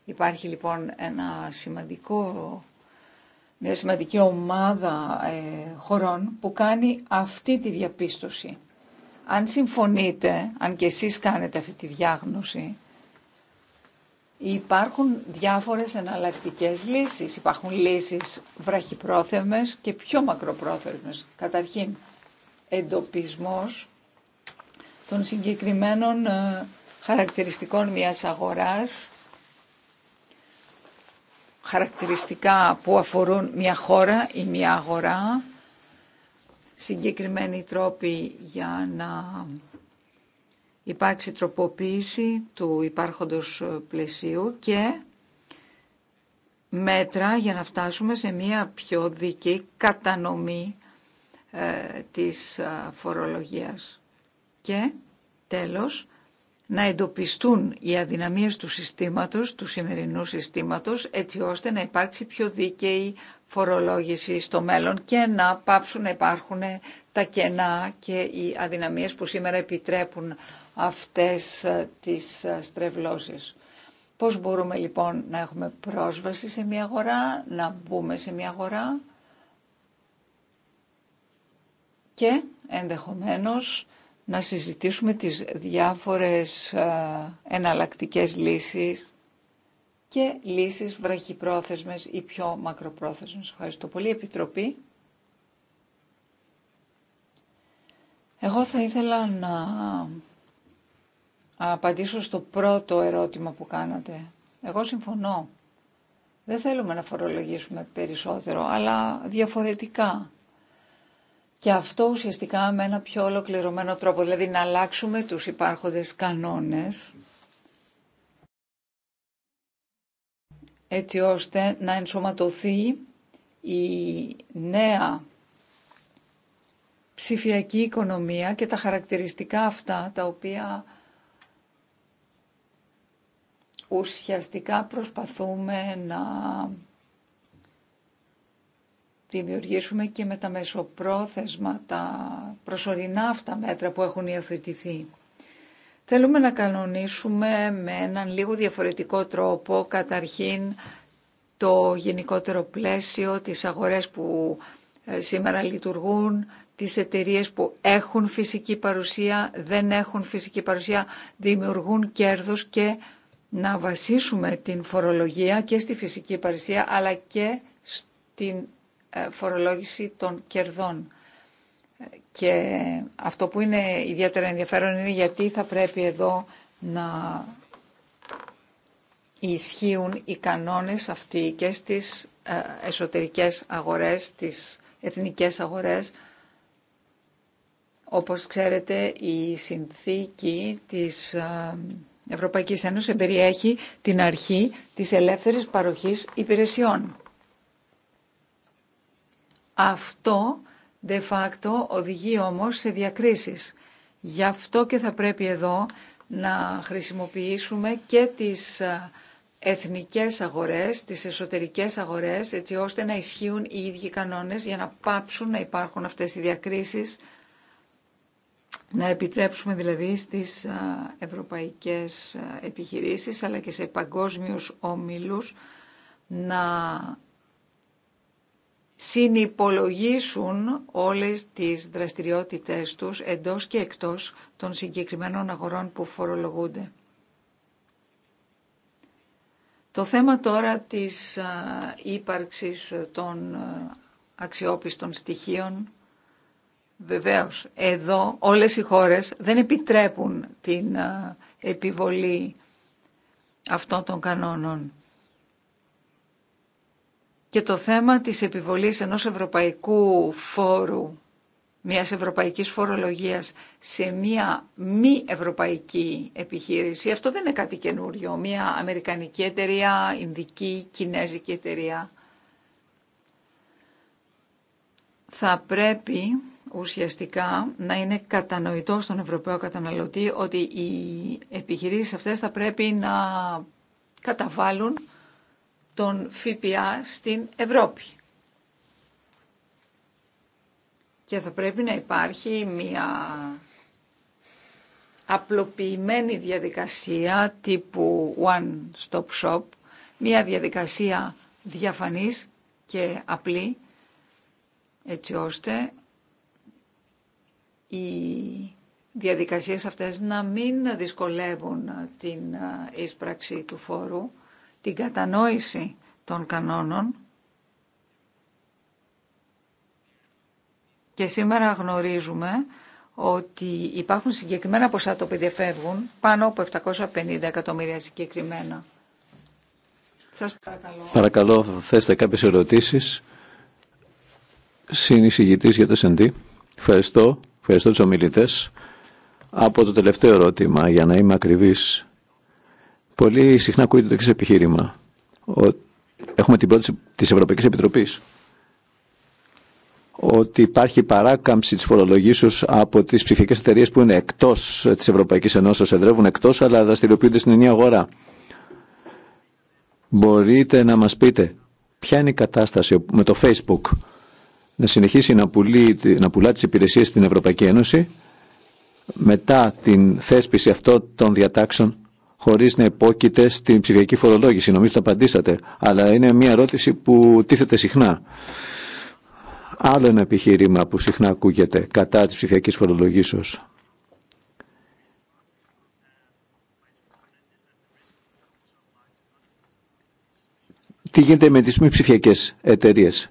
Υπάρχει λοιπόν ένα σημαντικό, μια σημαντική ομάδα ε, χωρών που κάνει αυτή τη διαπίστωση. Αν συμφωνείτε, αν και εσείς κάνετε αυτή τη διάγνωση, υπάρχουν διάφορες εναλλακτικές λύσεις. Υπάρχουν λύσεις βραχυπρόθεμες και πιο μακροπρόθεσμες. Καταρχήν, εντοπισμός των συγκεκριμένων ε, χαρακτηριστικών μιας αγοράς, χαρακτηριστικά που αφορούν μια χώρα ή μια αγορά, συγκεκριμένοι τρόποι για να υπάρξει τροποποίηση του υπάρχοντος πλαισίου και μέτρα για να φτάσουμε σε μια πιο δική κατανομή ε, της ε, φορολογίας και τέλος να εντοπιστούν οι αδυναμίες του συστήματος, του σημερινού συστήματος, έτσι ώστε να υπάρξει πιο δίκαιη φορολόγηση στο μέλλον και να πάψουν να υπάρχουν τα κενά και οι αδυναμίες που σήμερα επιτρέπουν αυτές ε, τις ε, στρεβλώσεις. Πώς μπορούμε λοιπόν να έχουμε πρόσβαση σε μια αγορά, να μπούμε σε μια αγορά και ενδεχομένως να συζητήσουμε τις διάφορες ε, εναλλακτικές λύσεις και λύσεις βραχυπρόθεσμες ή πιο μακροπρόθεσμες. Ευχαριστώ πολύ, Επιτροπή. Εγώ θα ήθελα να απαντήσω στο πρώτο ερώτημα που κάνατε. Εγώ συμφωνώ. Δεν θέλουμε να φορολογήσουμε περισσότερο, αλλά διαφορετικά και αυτό ουσιαστικά με ένα πιο ολοκληρωμένο τρόπο, δηλαδή να αλλάξουμε τους υπάρχοντες κανόνες έτσι ώστε να ενσωματωθεί η νέα ψηφιακή οικονομία και τα χαρακτηριστικά αυτά τα οποία ουσιαστικά προσπαθούμε να δημιουργήσουμε και με τα μεσοπρόθεσμα, τα προσωρινά αυτά μέτρα που έχουν υιοθετηθεί. Θέλουμε να κανονίσουμε με έναν λίγο διαφορετικό τρόπο, καταρχήν το γενικότερο πλαίσιο, τις αγορές που ε, σήμερα λειτουργούν, τις εταιρείες που έχουν φυσική παρουσία, δεν έχουν φυσική παρουσία, δημιουργούν κέρδος και να βασίσουμε την φορολογία και στη φυσική παρουσία αλλά και στην ε, φορολόγηση των κερδών. Και αυτό που είναι ιδιαίτερα ενδιαφέρον είναι γιατί θα πρέπει εδώ να ισχύουν οι κανόνες αυτοί και στις ε, εσωτερικές αγορές, στις εθνικές αγορές. Όπως ξέρετε, η συνθήκη της ε, Ευρωπαϊκής Ένωσης περιέχει την αρχή της ελεύθερης παροχής υπηρεσιών. Αυτό, de facto, οδηγεί όμως σε διακρίσεις. Γι' αυτό και θα πρέπει εδώ να χρησιμοποιήσουμε και τις ε, εθνικές αγορές, τις εσωτερικές αγορές, έτσι ώστε να ισχύουν οι ίδιοι κανόνες για να πάψουν να υπάρχουν αυτές οι διακρίσεις, να επιτρέψουμε δηλαδή στις ε, ευρωπαϊκές ε, επιχειρήσεις αλλά και σε παγκόσμιους ομίλους να συνυπολογίσουν όλες τις δραστηριότητες τους εντός και εκτός των συγκεκριμένων αγορών που φορολογούνται. Το θέμα τώρα της ύπαρξης των αξιόπιστων στοιχείων, βεβαίως εδώ όλες οι χώρες δεν επιτρέπουν την επιβολή αυτών των κανόνων και το θέμα της επιβολής ενός ευρωπαϊκού φόρου, μιας ευρωπαϊκής φορολογίας σε μια μη ευρωπαϊκή επιχείρηση, αυτό δεν είναι κάτι καινούριο. Μια αμερικανική εταιρεία, ινδική, κινέζικη εταιρεία. Θα πρέπει ουσιαστικά να είναι κατανοητό στον Ευρωπαίο καταναλωτή ότι οι επιχειρήσεις αυτές θα πρέπει να καταβάλουν των ΦΠΑ στην Ευρώπη. Και θα πρέπει να υπάρχει μια απλοποιημένη διαδικασία τύπου one-stop shop, μια διαδικασία διαφανής και απλή, έτσι ώστε οι διαδικασίες αυτές να μην δυσκολεύουν την ε, ίσπραξη του φόρου, την κατανόηση των κανόνων και σήμερα γνωρίζουμε ότι υπάρχουν συγκεκριμένα ποσά τα οποία πάνω από 750 εκατομμύρια συγκεκριμένα. Σας παρακαλώ. Παρακαλώ, θέστε κάποιες ερωτήσεις. Συνεισηγητής για το S&D. Ευχαριστώ. Ευχαριστώ τους ομιλητές. Από το τελευταίο ερώτημα, για να είμαι ακριβής, Πολύ συχνά ακούγεται το εξή επιχείρημα. Ότι έχουμε την πρόταση της Ευρωπαϊκής Επιτροπής ότι υπάρχει παράκαμψη της φορολογήσεω από τις ψηφιακέ εταιρείε που είναι εκτό της Ευρωπαϊκής Ενώση, εδρεύουν εκτός αλλά δραστηριοποιούνται στην ενιαία αγορά. Μπορείτε να μας πείτε ποια είναι η κατάσταση με το Facebook να συνεχίσει να, να πουλά τι υπηρεσίε στην Ευρωπαϊκή Ένωση μετά την θέσπιση αυτών των διατάξεων χωρίς να υπόκειται στην ψηφιακή φορολόγηση. Νομίζω το απαντήσατε, αλλά είναι μια ερώτηση που τίθεται συχνά. Άλλο ένα επιχείρημα που συχνά ακούγεται κατά της ψηφιακής φορολογήσεως. Τι γίνεται με τις μη ψηφιακές εταιρείες.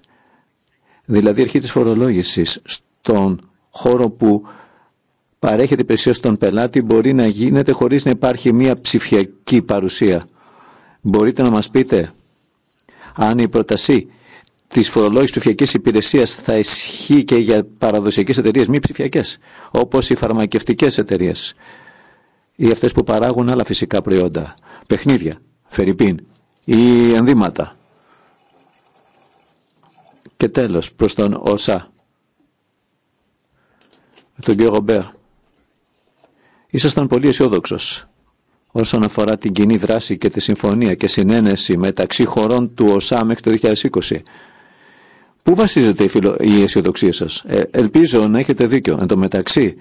Δηλαδή αρχή της φορολόγησης στον χώρο που παρέχεται υπηρεσία στον πελάτη μπορεί να γίνεται χωρίς να υπάρχει μια ψηφιακή παρουσία. Μπορείτε να μας πείτε αν η προτασή τη φορολόγηση ψηφιακή υπηρεσία θα ισχύει και για παραδοσιακέ εταιρείε μη ψηφιακέ, όπω οι φαρμακευτικές εταιρείε ή αυτέ που παράγουν άλλα φυσικά προϊόντα, παιχνίδια, φεριπίν ή ενδύματα. Και τέλος προς τον ΩΣΑ, τον κύριο Ρομπέρ. Ήσασταν πολύ αισιόδοξο όσον αφορά την κοινή δράση και τη συμφωνία και συνένεση μεταξύ χωρών του ΟΣΑ μέχρι το 2020. Πού βασίζεται η, φιλο... αισιοδοξία σας. Ε, ελπίζω να έχετε δίκιο. Εν τω μεταξύ,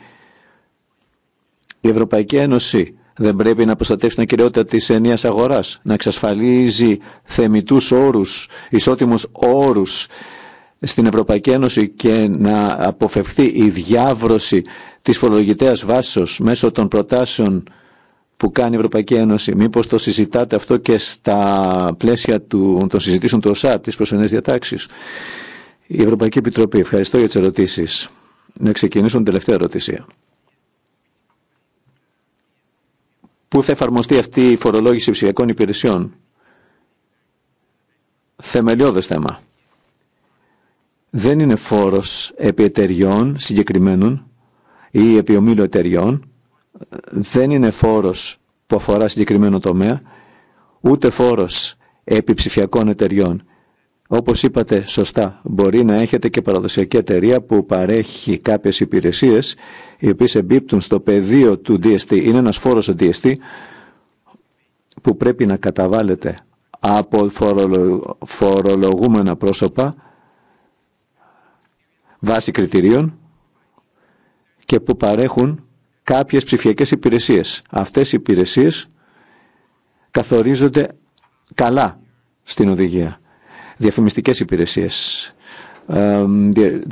η Ευρωπαϊκή Ένωση δεν πρέπει να προστατεύσει την κυριότητα τη ενία αγοράς, να εξασφαλίζει θεμητού όρου, ισότιμού όρου στην Ευρωπαϊκή Ένωση και να αποφευθεί η διάβρωση της φορολογητέας βάσεως μέσω των προτάσεων που κάνει η Ευρωπαϊκή Ένωση. Μήπως το συζητάτε αυτό και στα πλαίσια του, των συζητήσεων του ΟΣΑ, της προσωρινής διατάξης. Η Ευρωπαϊκή Επιτροπή, ευχαριστώ για τις ερωτήσεις. Να ξεκινήσω την τελευταία ερώτηση. Πού θα εφαρμοστεί αυτή η φορολόγηση ψηφιακών υπηρεσιών. Θεμελιώδες θέμα. Δεν είναι φόρος επί εταιριών συγκεκριμένων ή επί ομίλου εταιριών, δεν είναι φόρος που αφορά συγκεκριμένο τομέα, ούτε φόρος επί ψηφιακών εταιριών. Όπως είπατε σωστά, μπορεί να έχετε και παραδοσιακή εταιρεία που παρέχει κάποιες υπηρεσίες οι οποίες εμπίπτουν στο πεδίο του DST. Είναι ένας φόρος ο DST που πρέπει να καταβάλλεται από φορολογούμενα πρόσωπα βάσει κριτηρίων και που παρέχουν κάποιες ψηφιακές υπηρεσίες. Αυτές οι υπηρεσίες καθορίζονται καλά στην οδηγία. Διαφημιστικές υπηρεσίες,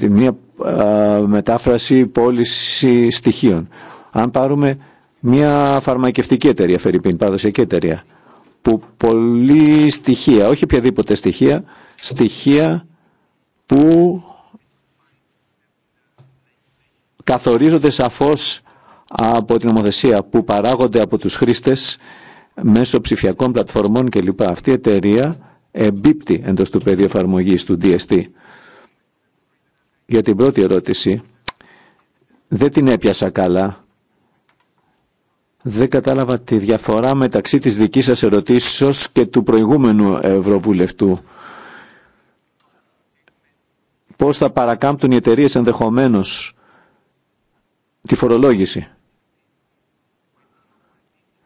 μια μετάφραση πώληση στοιχείων. Αν πάρουμε μια φαρμακευτική εταιρεία, Φερρυπίν, παραδοσιακή εταιρεία, που πολλή στοιχεία, όχι οποιαδήποτε στοιχεία, στοιχεία που καθορίζονται σαφώς από την ομοθεσία που παράγονται από τους χρήστες μέσω ψηφιακών πλατφορμών κλπ. Αυτή η εταιρεία εμπίπτει εντός του πεδίου εφαρμογή του DST. Για την πρώτη ερώτηση, δεν την έπιασα καλά. Δεν κατάλαβα τη διαφορά μεταξύ της δικής σας ερωτήσεως και του προηγούμενου Ευρωβουλευτού. Πώς θα παρακάμπτουν οι εταιρείε ενδεχομένως τη φορολόγηση.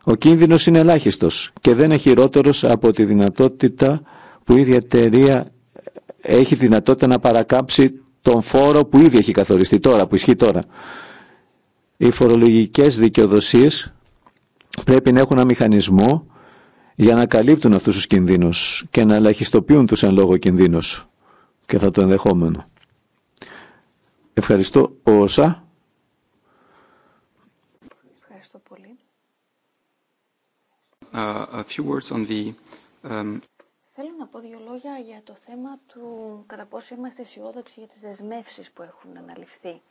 Ο κίνδυνος είναι ελάχιστος και δεν είναι χειρότερος από τη δυνατότητα που η ίδια έχει δυνατότητα να παρακάψει τον φόρο που ήδη έχει καθοριστεί τώρα, που ισχύει τώρα. Οι φορολογικές δικαιοδοσίες πρέπει να έχουν ένα μηχανισμό για να καλύπτουν αυτούς τους κινδύνους και να ελαχιστοποιούν τους εν λόγω κινδύνους και θα το ενδεχόμενο. Ευχαριστώ, Όσα. Uh, a few words on the um, Θέλω να πω δύο λόγια για το θέμα του κατά πόσο είμαστε αισιόδοξοι για τις δεσμεύσεις που έχουν αναλυφθεί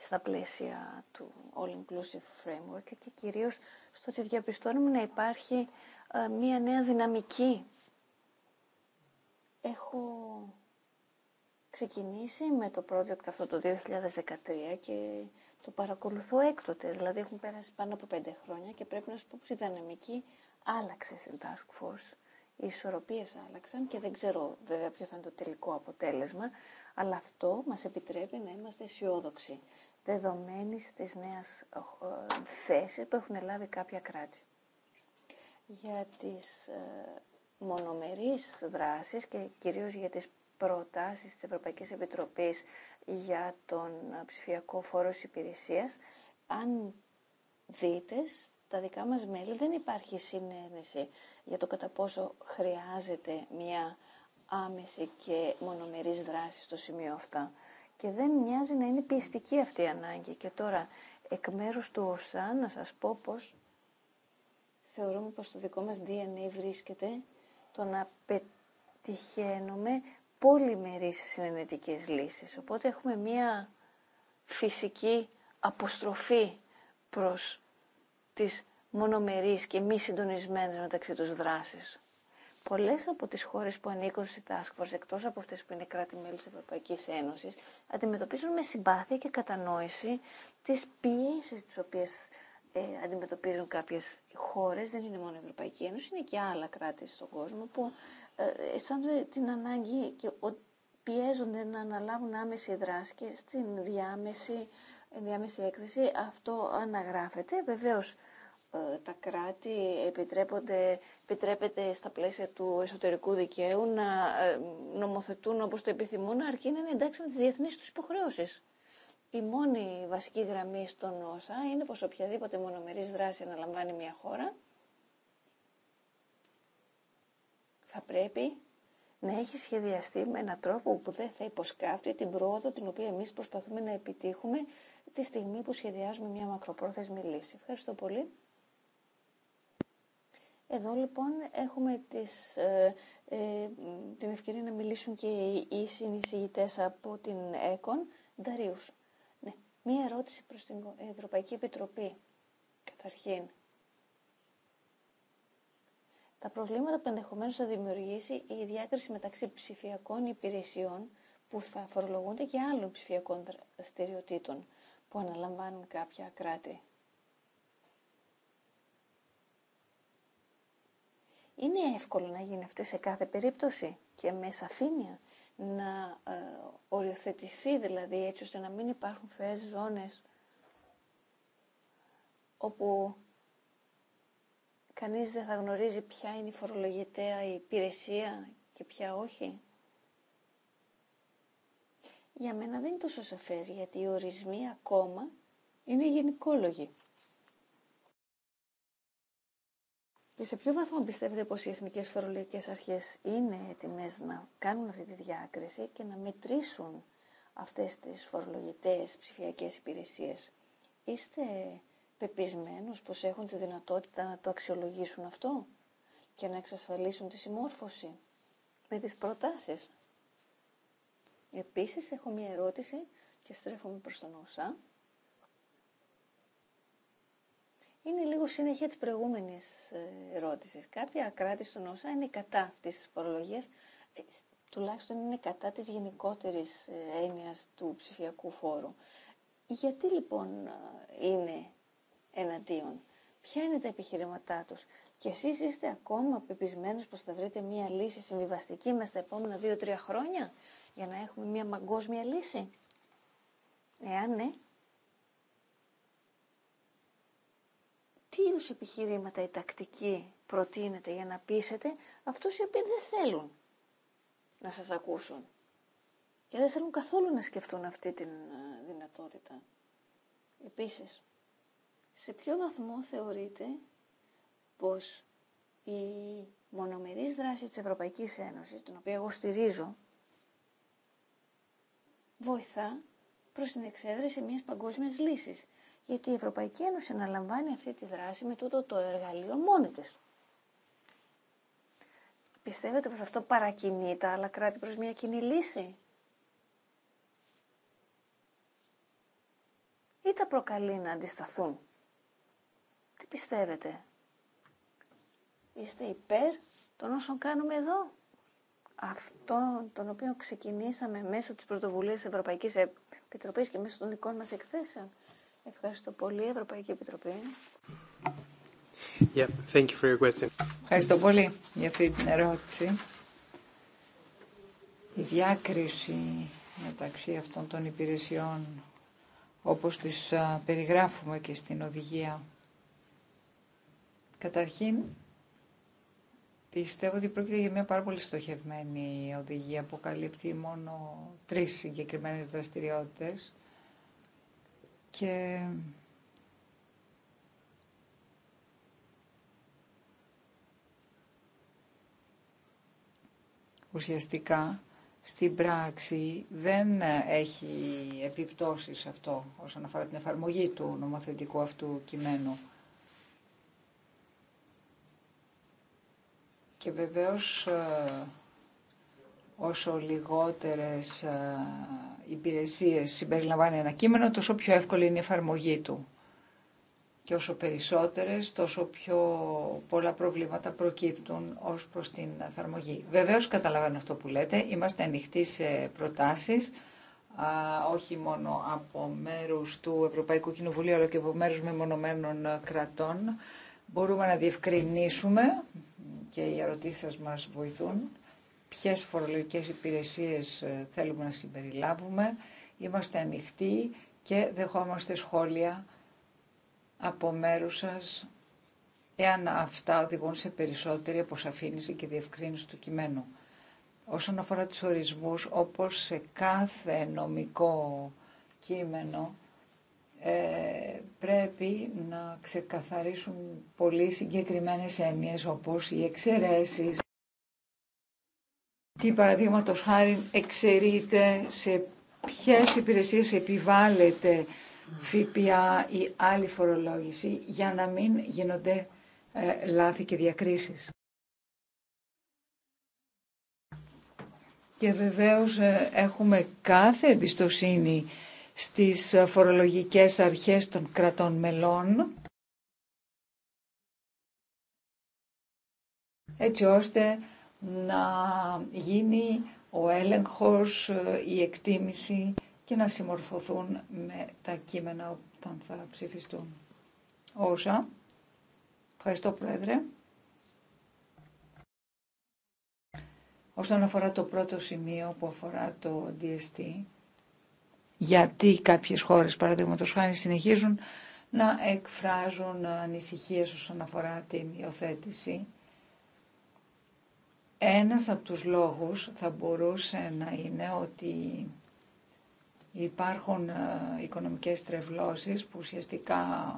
στα πλαίσια του All-Inclusive Framework και κυρίως στο ότι διαπιστώνουμε να υπάρχει ε, μία νέα δυναμική. Έχω ξεκινήσει με το project αυτό το 2013 και το παρακολουθώ έκτοτε, δηλαδή έχουν πέρασει πάνω από πέντε χρόνια και πρέπει να σου πω πως η δυναμική άλλαξε στην Task Force, οι ισορροπίες άλλαξαν και δεν ξέρω βέβαια ποιο θα είναι το τελικό αποτέλεσμα, αλλά αυτό μας επιτρέπει να είμαστε αισιόδοξοι, δεδομένης στις νέες ε, θέσης που έχουν λάβει κάποια κράτη. Για τις ε, μονομερείς δράσεις και κυρίως για τις προτάσεις της Ευρωπαϊκής Επιτροπής για τον ψηφιακό φόρο υπηρεσίας, αν δείτε τα δικά μας μέλη δεν υπάρχει συνένεση για το κατά πόσο χρειάζεται μια άμεση και μονομερής δράση στο σημείο αυτά. Και δεν μοιάζει να είναι πιεστική αυτή η ανάγκη. Και τώρα, εκ μέρους του ΟΣΑ, να σας πω πως θεωρούμε πως το δικό μας DNA βρίσκεται το να πετυχαίνουμε πολυμερείς συνενετικές λύσεις. Οπότε έχουμε μία φυσική αποστροφή προς τις μονομερείς και μη συντονισμένες μεταξύ τους δράσεις. Πολλές από τις χώρες που ανήκουν στη Task Force, εκτός από αυτές που είναι κράτη-μέλη της Ευρωπαϊκής Ένωσης, αντιμετωπίζουν με συμπάθεια και κατανόηση τις πιέσεις τις οποίες ε, αντιμετωπίζουν κάποιες χώρες, δεν είναι μόνο η Ευρωπαϊκή Ένωση, είναι και άλλα κράτη στον κόσμο που ε, αισθάνονται την ανάγκη και πιέζονται να αναλάβουν άμεση δράση και στην διάμεση ενδιάμεση έκθεση. Αυτό αναγράφεται. Βεβαίως ε, τα κράτη επιτρέπονται, επιτρέπεται στα πλαίσια του εσωτερικού δικαίου να ε, νομοθετούν όπω το επιθυμούν, αρκεί να είναι εντάξει με τι διεθνεί του υποχρεώσεις. Η μόνη βασική γραμμή στον ΩΣΑ είναι πως οποιαδήποτε μονομερής δράση αναλαμβάνει μια χώρα θα πρέπει να έχει σχεδιαστεί με έναν τρόπο που δεν θα υποσκάφτει την πρόοδο την οποία εμείς προσπαθούμε να επιτύχουμε τη στιγμή που σχεδιάζουμε μια μακροπρόθεσμη λύση. Ευχαριστώ πολύ. Εδώ λοιπόν έχουμε τις, ε, ε, την ευκαιρία να μιλήσουν και οι συνεισηγητές από την ΕΚΟΝ. Νταρίους, ναι. μία ερώτηση προς την Ευρωπαϊκή Επιτροπή, καταρχήν. Τα προβλήματα που ενδεχομένω θα δημιουργήσει η διάκριση μεταξύ ψηφιακών υπηρεσιών που θα φορολογούνται και άλλων ψηφιακών δραστηριοτήτων που αναλαμβάνουν κάποια κράτη. Είναι εύκολο να γίνει αυτό σε κάθε περίπτωση και με σαφήνεια να ε, οριοθετηθεί δηλαδή έτσι ώστε να μην υπάρχουν φαιές ζώνες όπου κανείς δεν θα γνωρίζει ποια είναι η φορολογητέα η υπηρεσία και ποια όχι για μένα δεν είναι τόσο σαφές, γιατί οι ορισμοί ακόμα είναι γενικόλογοι. Και σε ποιο βαθμό πιστεύετε πως οι εθνικές φορολογικές αρχές είναι έτοιμες να κάνουν αυτή τη διάκριση και να μετρήσουν αυτές τις φορολογητές ψηφιακές υπηρεσίες. Είστε πεπισμένους πως έχουν τη δυνατότητα να το αξιολογήσουν αυτό και να εξασφαλίσουν τη συμμόρφωση με τις προτάσεις Επίσης έχω μία ερώτηση και στρέφομαι προς τον Όσα. Είναι λίγο συνέχεια της προηγούμενης ε, ερώτησης. Κάποια κράτη στον Όσα είναι κατά αυτής της φορολογίας, ε, τουλάχιστον είναι κατά της γενικότερης ε, έννοιας του ψηφιακού φόρου. Γιατί λοιπόν είναι εναντίον, ποια είναι τα επιχειρηματά τους και εσείς είστε ακόμα πεπισμένους πως θα βρείτε μία λύση συμβιβαστική μέσα στα επόμενα 2-3 χρόνια για να έχουμε μια μαγκόσμια λύση. Εάν ναι, τι είδου επιχειρήματα η τακτική προτείνεται για να πείσετε αυτού οι οποίοι δεν θέλουν να σας ακούσουν. Και δεν θέλουν καθόλου να σκεφτούν αυτή την ε, δυνατότητα. Επίσης, σε ποιο βαθμό θεωρείτε πως η μονομερής δράση της Ευρωπαϊκής Ένωσης, την οποία εγώ στηρίζω, βοηθά προς την εξέβρεση μιας παγκόσμιας λύσης. Γιατί η Ευρωπαϊκή Ένωση αναλαμβάνει αυτή τη δράση με τούτο το εργαλείο μόνη της. Πιστεύετε πως αυτό παρακινεί τα άλλα κράτη προς μια κοινή λύση. Ή τα προκαλεί να αντισταθούν. Τι πιστεύετε. Είστε υπέρ των όσων κάνουμε εδώ αυτό τον οποίο ξεκινήσαμε μέσω της πρωτοβουλίας της Ευρωπαϊκής Επιτροπής και μέσω των δικών μας εκθέσεων. Ευχαριστώ πολύ, Ευρωπαϊκή Επιτροπή. Yeah, thank you for your question. Ευχαριστώ πολύ για αυτή την ερώτηση. Η διάκριση μεταξύ αυτών των υπηρεσιών, όπως τις περιγράφουμε και στην οδηγία, καταρχήν Πιστεύω ότι πρόκειται για μια πάρα πολύ στοχευμένη οδηγία που καλύπτει μόνο τρεις συγκεκριμένες δραστηριότητες και ουσιαστικά στην πράξη δεν έχει επιπτώσεις αυτό όσον αφορά την εφαρμογή του νομοθετικού αυτού κειμένου. Και βεβαίως ε, όσο λιγότερες ε, υπηρεσίες συμπεριλαμβάνει ένα κείμενο, τόσο πιο εύκολη είναι η εφαρμογή του. Και όσο περισσότερες, τόσο πιο πολλά προβλήματα προκύπτουν ως προς την εφαρμογή. Βεβαίως καταλαβαίνω αυτό που λέτε, είμαστε ανοιχτοί σε προτάσεις, όχι μόνο από μέρους του Ευρωπαϊκού Κοινοβουλίου, αλλά και από μέρους μεμονωμένων κρατών. Μπορούμε να διευκρινίσουμε και οι ερωτήσεις μας βοηθούν, ποιες φορολογικές υπηρεσίες ε, θέλουμε να συμπεριλάβουμε. Είμαστε ανοιχτοί και δεχόμαστε σχόλια από μέρους σας εάν αυτά οδηγούν σε περισσότερη αποσαφήνιση και διευκρίνηση του κειμένου. Όσον αφορά τους ορισμούς, όπως σε κάθε νομικό κείμενο, ε, πρέπει να ξεκαθαρίσουν πολύ συγκεκριμένες έννοιες όπως οι εξαιρέσει. Τι παραδείγματο χάρη εξαιρείται, σε ποιες υπηρεσίες επιβάλλεται ΦΠΑ ή άλλη φορολόγηση για να μην γίνονται ε, λάθη και διακρίσεις. Και βεβαίως ε, έχουμε κάθε εμπιστοσύνη στις ε, φορολογικές αρχές των κρατών μελών, έτσι ώστε να γίνει ο έλεγχος, ε, η εκτίμηση και να συμμορφωθούν με τα κείμενα όταν θα ψηφιστούν. Όσα. Ευχαριστώ Πρόεδρε. Όσον αφορά το πρώτο σημείο που αφορά το DST, γιατί κάποιες χώρες παραδείγματος χάρη συνεχίζουν να εκφράζουν ανησυχίες όσον αφορά την υιοθέτηση. Ένας από τους λόγους θα μπορούσε να είναι ότι υπάρχουν ε, οικονομικές τρευλώσεις που ουσιαστικά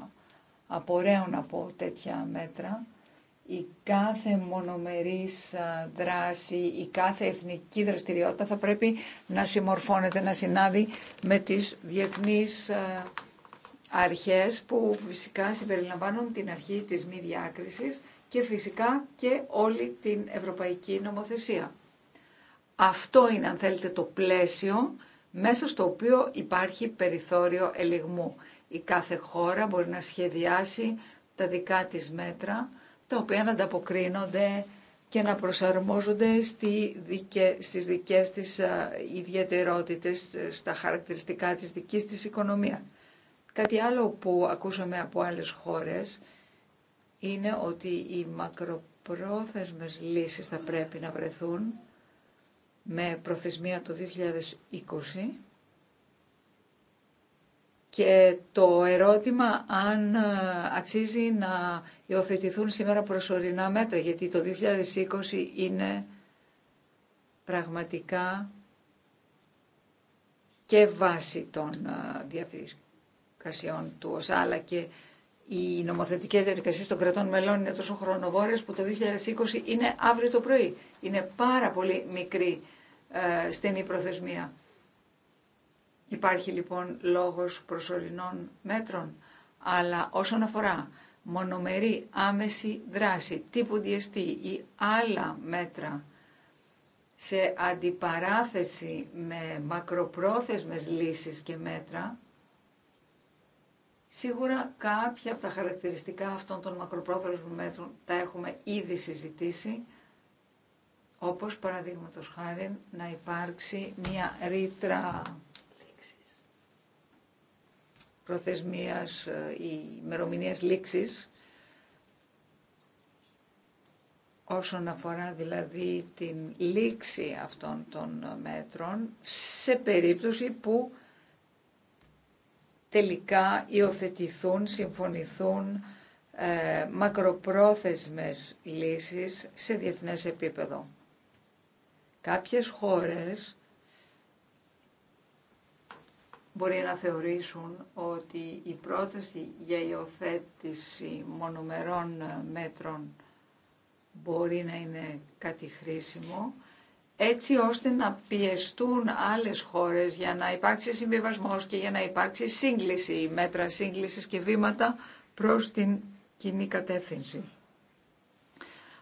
απορρέουν από τέτοια μέτρα η κάθε μονομερής δράση, η κάθε εθνική δραστηριότητα θα πρέπει να συμμορφώνεται, να συνάδει με τις διεθνείς αρχές που φυσικά συμπεριλαμβάνουν την αρχή της μη διάκρισης και φυσικά και όλη την ευρωπαϊκή νομοθεσία. Αυτό είναι αν θέλετε το πλαίσιο μέσα στο οποίο υπάρχει περιθώριο ελιγμού. Η κάθε χώρα μπορεί να σχεδιάσει τα δικά της μέτρα τα οποία να ανταποκρίνονται και να προσαρμόζονται στη δικέ στις δικές της ιδιαιτερότητες, ε, στα χαρακτηριστικά της δικής της οικονομία. Κάτι άλλο που ακούσαμε από άλλες χώρες είναι ότι οι μακροπρόθεσμες λύσεις θα πρέπει να βρεθούν με προθεσμία το 2020 και το ερώτημα αν ε, αξίζει να υιοθετηθούν σήμερα προσωρινά μέτρα, γιατί το 2020 είναι πραγματικά και βάση των ε, διαδικασιών του ΟΣΑ, αλλά και οι νομοθετικές διαδικασίες των κρατών μελών είναι τόσο χρονοβόρες που το 2020 είναι αύριο το πρωί. Είναι πάρα πολύ μικρή ε, στενή προθεσμία. Υπάρχει λοιπόν λόγος προσωρινών μέτρων, αλλά όσον αφορά μονομερή άμεση δράση τύπου DST ή άλλα μέτρα σε αντιπαράθεση με μακροπρόθεσμες λύσεις και μέτρα, σίγουρα κάποια από τα χαρακτηριστικά αυτών των μακροπρόθεσμων μέτρων τα έχουμε ήδη συζητήσει, όπως παραδείγματος χάρη να υπάρξει μια ρήτρα προθεσμίας ή ε, ημερομηνία λήξης όσον αφορά δηλαδή την λήξη αυτών των μέτρων σε περίπτωση που τελικά υιοθετηθούν, συμφωνηθούν ε, μακροπρόθεσμες λύσεις σε διεθνές επίπεδο. Κάποιες χώρες μπορεί να θεωρήσουν ότι η πρόταση για υιοθέτηση μονομερών ε, μέτρων μπορεί να είναι κάτι χρήσιμο, έτσι ώστε να πιεστούν άλλες χώρες για να υπάρξει συμβιβασμός και για να υπάρξει σύγκληση, μέτρα σύγκλησης και βήματα προς την κοινή κατεύθυνση.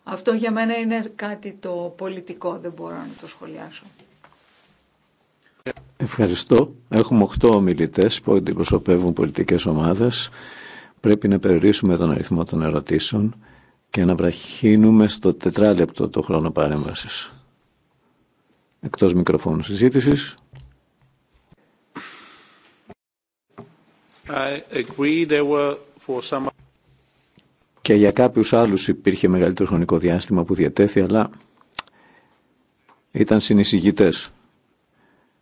Αυτό για μένα είναι κάτι το πολιτικό, δεν μπορώ να το σχολιάσω. Ευχαριστώ. Έχουμε 8 ομιλητές που αντιπροσωπεύουν πολιτικές ομάδες. Πρέπει να περιορίσουμε τον αριθμό των ερωτήσεων και να βραχύνουμε στο τετράλεπτο το χρόνο παρέμβασης. Εκτός μικροφώνου συζήτησης. some... Και για κάποιους άλλους υπήρχε μεγαλύτερο χρονικό διάστημα που διατέθη, αλλά ήταν συνεισηγητές.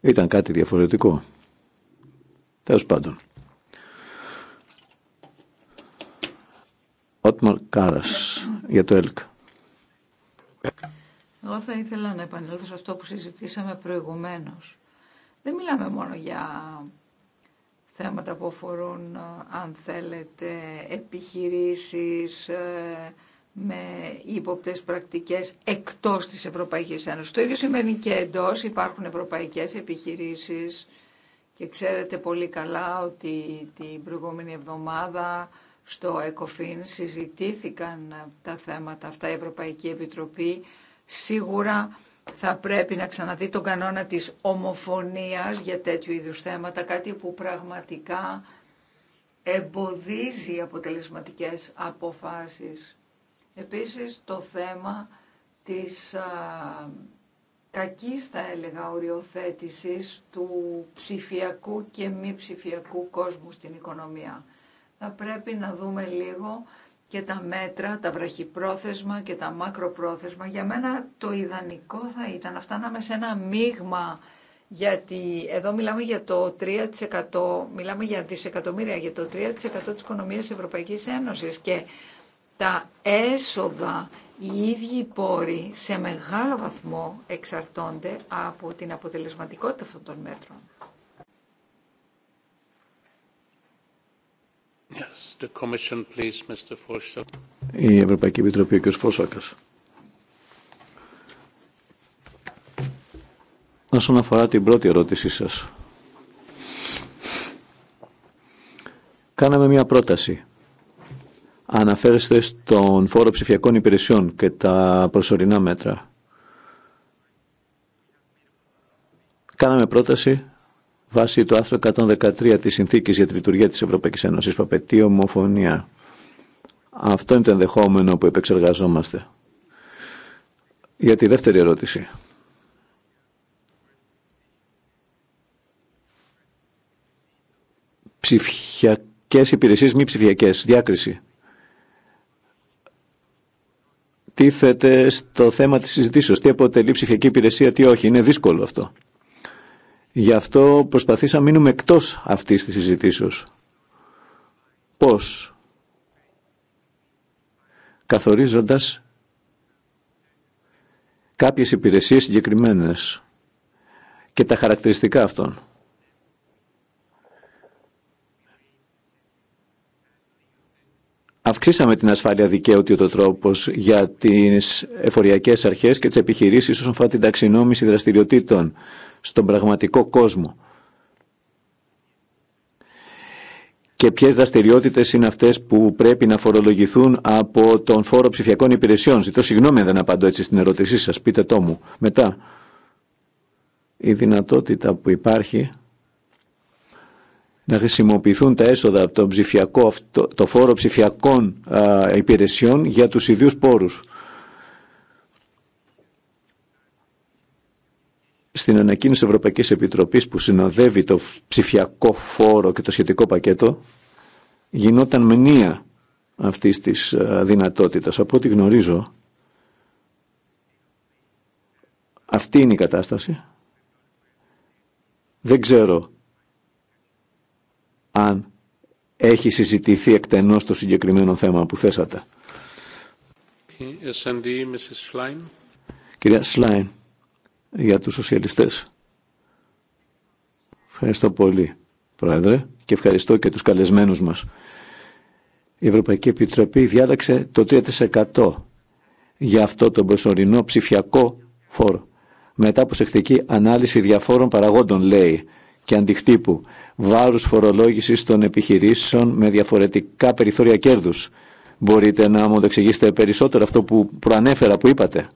Ήταν κάτι διαφορετικό. Τέλο πάντων. Ότμαρ Κάρας για το ΕΛΚ. Εγώ θα ήθελα να επανέλθω σε αυτό που συζητήσαμε προηγουμένως. Δεν μιλάμε μόνο για θέματα που αφορούν, ε, αν θέλετε, επιχειρήσεις, ε, με ύποπτες πρακτικές εκτός της Ευρωπαϊκής Ένωσης. Το ίδιο σημαίνει και εντός υπάρχουν ευρωπαϊκές επιχειρήσεις και ξέρετε πολύ καλά ότι την προηγούμενη εβδομάδα στο ΕΚΟΦΗΝ συζητήθηκαν τα θέματα αυτά η Ευρωπαϊκή Επιτροπή. Σίγουρα θα πρέπει να ξαναδεί τον κανόνα της ομοφωνίας για τέτοιου είδους θέματα, κάτι που πραγματικά εμποδίζει αποτελεσματικές αποφάσεις. Επίσης το θέμα της α, κακής θα έλεγα οριοθέτησης του ψηφιακού και μη ψηφιακού κόσμου στην οικονομία. Θα πρέπει να δούμε λίγο και τα μέτρα, τα βραχυπρόθεσμα και τα μακροπρόθεσμα. Για μένα το ιδανικό θα ήταν αυτά να είμαι σε ένα μείγμα, γιατί εδώ μιλάμε για το 3%, μιλάμε για δισεκατομμύρια, για το 3% της οικονομίας της Ευρωπαϊκής Ένωσης και τα έσοδα, οι ίδιοι πόροι σε μεγάλο βαθμό εξαρτώνται από την αποτελεσματικότητα αυτών των μέτρων. Yes, the commission, please, Mr. Η Ευρωπαϊκή Επιτροπή, ο κ. Φόσακας. Όσον αφορά την πρώτη ερώτησή σας, κάναμε μια πρόταση αναφέρεστε στον φόρο ψηφιακών υπηρεσιών και τα προσωρινά μέτρα. Κάναμε πρόταση βάσει του άρθρου 113 της Συνθήκης για τη Λειτουργία της Ευρωπαϊκής Ένωσης που απαιτεί ομοφωνία. Αυτό είναι το ενδεχόμενο που επεξεργαζόμαστε. Για τη δεύτερη ερώτηση. Ψηφιακές υπηρεσίες, μη ψηφιακές, διάκριση τίθεται στο θέμα της συζητήσεως. Τι αποτελεί ψηφιακή υπηρεσία, τι όχι. Είναι δύσκολο αυτό. Γι' αυτό προσπαθήσαμε να μείνουμε εκτός αυτής της συζητήσεως. Πώς. Καθορίζοντας κάποιες υπηρεσίες συγκεκριμένες και τα χαρακτηριστικά αυτών. Αυξήσαμε την ασφάλεια δικαίου ο τρόπο για τι εφοριακέ αρχέ και τι επιχειρήσει όσον αφορά την ταξινόμηση δραστηριοτήτων στον πραγματικό κόσμο. Και ποιε δραστηριότητε είναι αυτέ που πρέπει να φορολογηθούν από τον φόρο ψηφιακών υπηρεσιών. Ζητώ συγγνώμη αν δεν απαντώ έτσι στην ερώτησή σα. Πείτε το μου. Μετά, η δυνατότητα που υπάρχει να χρησιμοποιηθούν τα έσοδα από τον ψηφιακό, το φόρο ψηφιακών υπηρεσιών για τους ιδίους πόρους. Στην ανακοίνωση Ευρωπαϊκής Επιτροπής που συνοδεύει το ψηφιακό φόρο και το σχετικό πακέτο γινόταν μενία αυτής της δυνατότητας. Από ό,τι γνωρίζω, αυτή είναι η κατάσταση. Δεν ξέρω αν έχει συζητηθεί εκτενώς το συγκεκριμένο θέμα που θέσατε. Schlein. Κυρία Σλάιν, για τους σοσιαλιστές. Ευχαριστώ πολύ, Πρόεδρε, και ευχαριστώ και τους καλεσμένους μας. Η Ευρωπαϊκή Επιτροπή διάλεξε το 3% για αυτό το προσωρινό ψηφιακό φόρο. Μετά από σεχτική ανάλυση διαφόρων παραγόντων, λέει, και αντιχτύπου, βάρους φορολόγησης των επιχειρήσεων με διαφορετικά περιθώρια κέρδους. Μπορείτε να μου το εξηγήσετε περισσότερο αυτό που προανέφερα, που είπατε.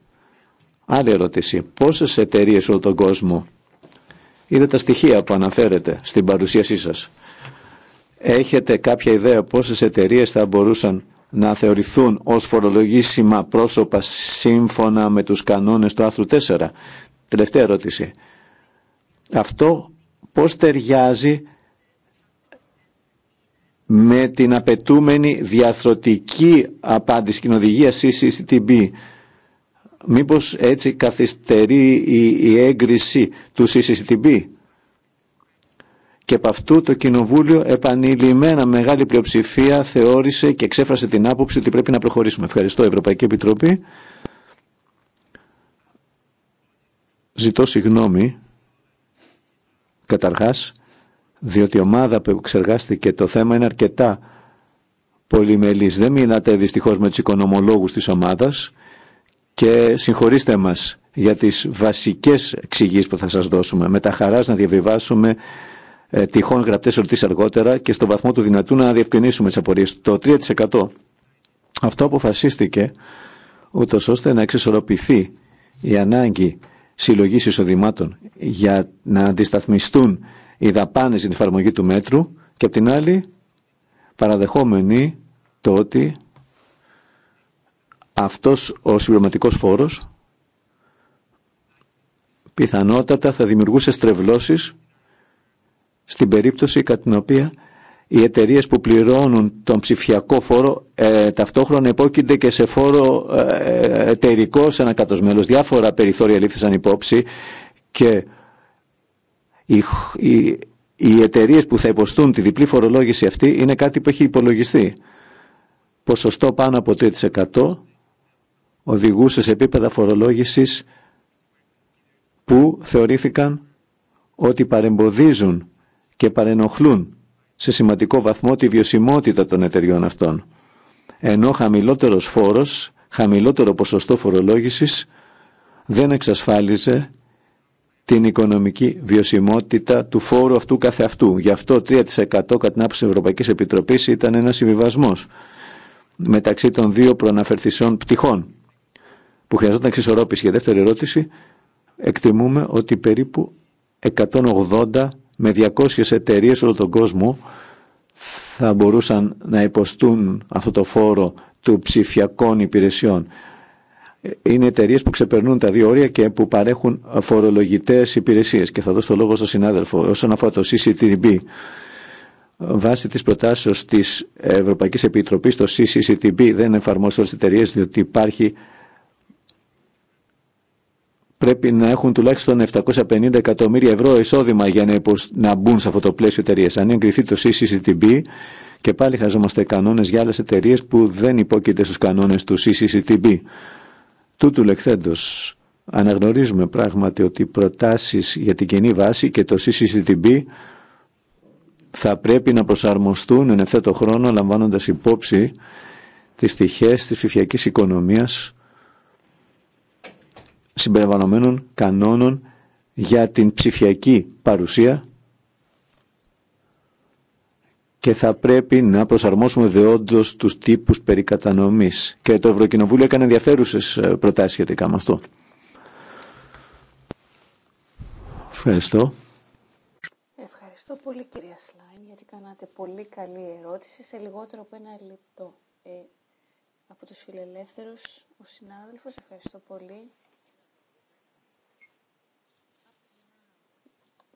Άλλη ερώτηση. Πόσες εταιρείες όλο τον κόσμο είδε τα στοιχεία που αναφέρετε στην παρουσίασή σας. Έχετε κάποια ιδέα πόσες εταιρείε θα μπορούσαν να θεωρηθούν ως φορολογήσιμα πρόσωπα σύμφωνα με τους κανόνες του άρθρου 4. Τελευταία ερώτηση. Αυτό πώς ταιριάζει με την απαιτούμενη διαθροτική απάντηση κοινοδηγία CCTB. Μήπως έτσι καθυστερεί η, έγκριση του CCTB. Και από αυτού το Κοινοβούλιο επανειλημμένα μεγάλη πλειοψηφία θεώρησε και εξέφρασε την άποψη ότι πρέπει να προχωρήσουμε. Ευχαριστώ Ευρωπαϊκή Επιτροπή. Ζητώ συγγνώμη Καταρχάς, διότι η ομάδα που εξεργάστηκε το θέμα είναι αρκετά πολυμελής. Δεν μείνατε δυστυχώς με τους οικονομολόγους της ομάδας και συγχωρήστε μας για τις βασικές εξηγήσεις που θα σας δώσουμε. Με τα χαράς να διαβιβάσουμε ε, τυχόν γραπτές ερωτήσεις αργότερα και στο βαθμό του δυνατού να διευκρινίσουμε τις απορίες. Το 3% αυτό αποφασίστηκε ούτως ώστε να εξισορροπηθεί η ανάγκη συλλογής εισοδημάτων για να αντισταθμιστούν οι δαπάνες στην εφαρμογή του μέτρου και απ' την άλλη παραδεχόμενοι το ότι αυτός ο συμπληρωματικός φόρος πιθανότατα θα δημιουργούσε στρεβλώσεις στην περίπτωση κατά την οποία οι εταιρείε που πληρώνουν τον ψηφιακό φόρο ε, ταυτόχρονα υπόκεινται και σε φόρο ε, εταιρικό σε ένα κάτω Διάφορα περιθώρια λήφθησαν υπόψη και οι, οι, που θα υποστούν τη διπλή φορολόγηση αυτή είναι κάτι που έχει υπολογιστεί. Ποσοστό πάνω από 3% οδηγούσε σε επίπεδα φορολόγησης που θεωρήθηκαν ότι παρεμποδίζουν και παρενοχλούν σε σημαντικό βαθμό τη βιωσιμότητα των εταιριών αυτών. Ενώ χαμηλότερος φόρος, χαμηλότερο ποσοστό φορολόγησης δεν εξασφάλιζε την οικονομική βιωσιμότητα του φόρου αυτού καθεαυτού. Γι' αυτό 3% κατά την άποψη της ήταν ένα συμβιβασμό μεταξύ των δύο προαναφερθησών πτυχών που χρειαζόταν εξισορρόπηση. Για δεύτερη ερώτηση, εκτιμούμε ότι περίπου 180 με 200 εταιρείε όλο τον κόσμο θα μπορούσαν να υποστούν αυτό το φόρο του ψηφιακών υπηρεσιών. Είναι εταιρείε που ξεπερνούν τα δύο όρια και που παρέχουν φορολογητέ υπηρεσίε. Και θα δώσω το λόγο στον συνάδελφο. Όσον αφορά το CCTB, βάσει τη προτάσεω τη Ευρωπαϊκή Επιτροπή, το CCTB δεν εφαρμόζεται όλε τι εταιρείε, διότι υπάρχει πρέπει να έχουν τουλάχιστον 750 εκατομμύρια ευρώ εισόδημα για να, μπουν σε αυτό το πλαίσιο εταιρείε. Αν εγκριθεί το CCCTB και πάλι χαζόμαστε κανόνες για άλλε εταιρείε που δεν υπόκειται στους κανόνες του CCCTB. Τούτου λεχθέντο. αναγνωρίζουμε πράγματι ότι οι προτάσεις για την κοινή βάση και το CCCTB θα πρέπει να προσαρμοστούν εν ευθέτω χρόνο λαμβάνοντας υπόψη τις πτυχές της ψηφιακής οικονομίας συμπεριλαμβανομένων κανόνων για την ψηφιακή παρουσία και θα πρέπει να προσαρμόσουμε δεόντως τους τύπους περικατανομής. Και το Ευρωκοινοβούλιο έκανε ενδιαφέρουσε ε, προτάσει σχετικά με αυτό. Ευχαριστώ. Ευχαριστώ πολύ κυρία Σλάιν γιατί κάνατε πολύ καλή ερώτηση σε λιγότερο από ένα λεπτό. Ε, από του φιλελεύθερου ο συνάδελφο, ευχαριστώ πολύ.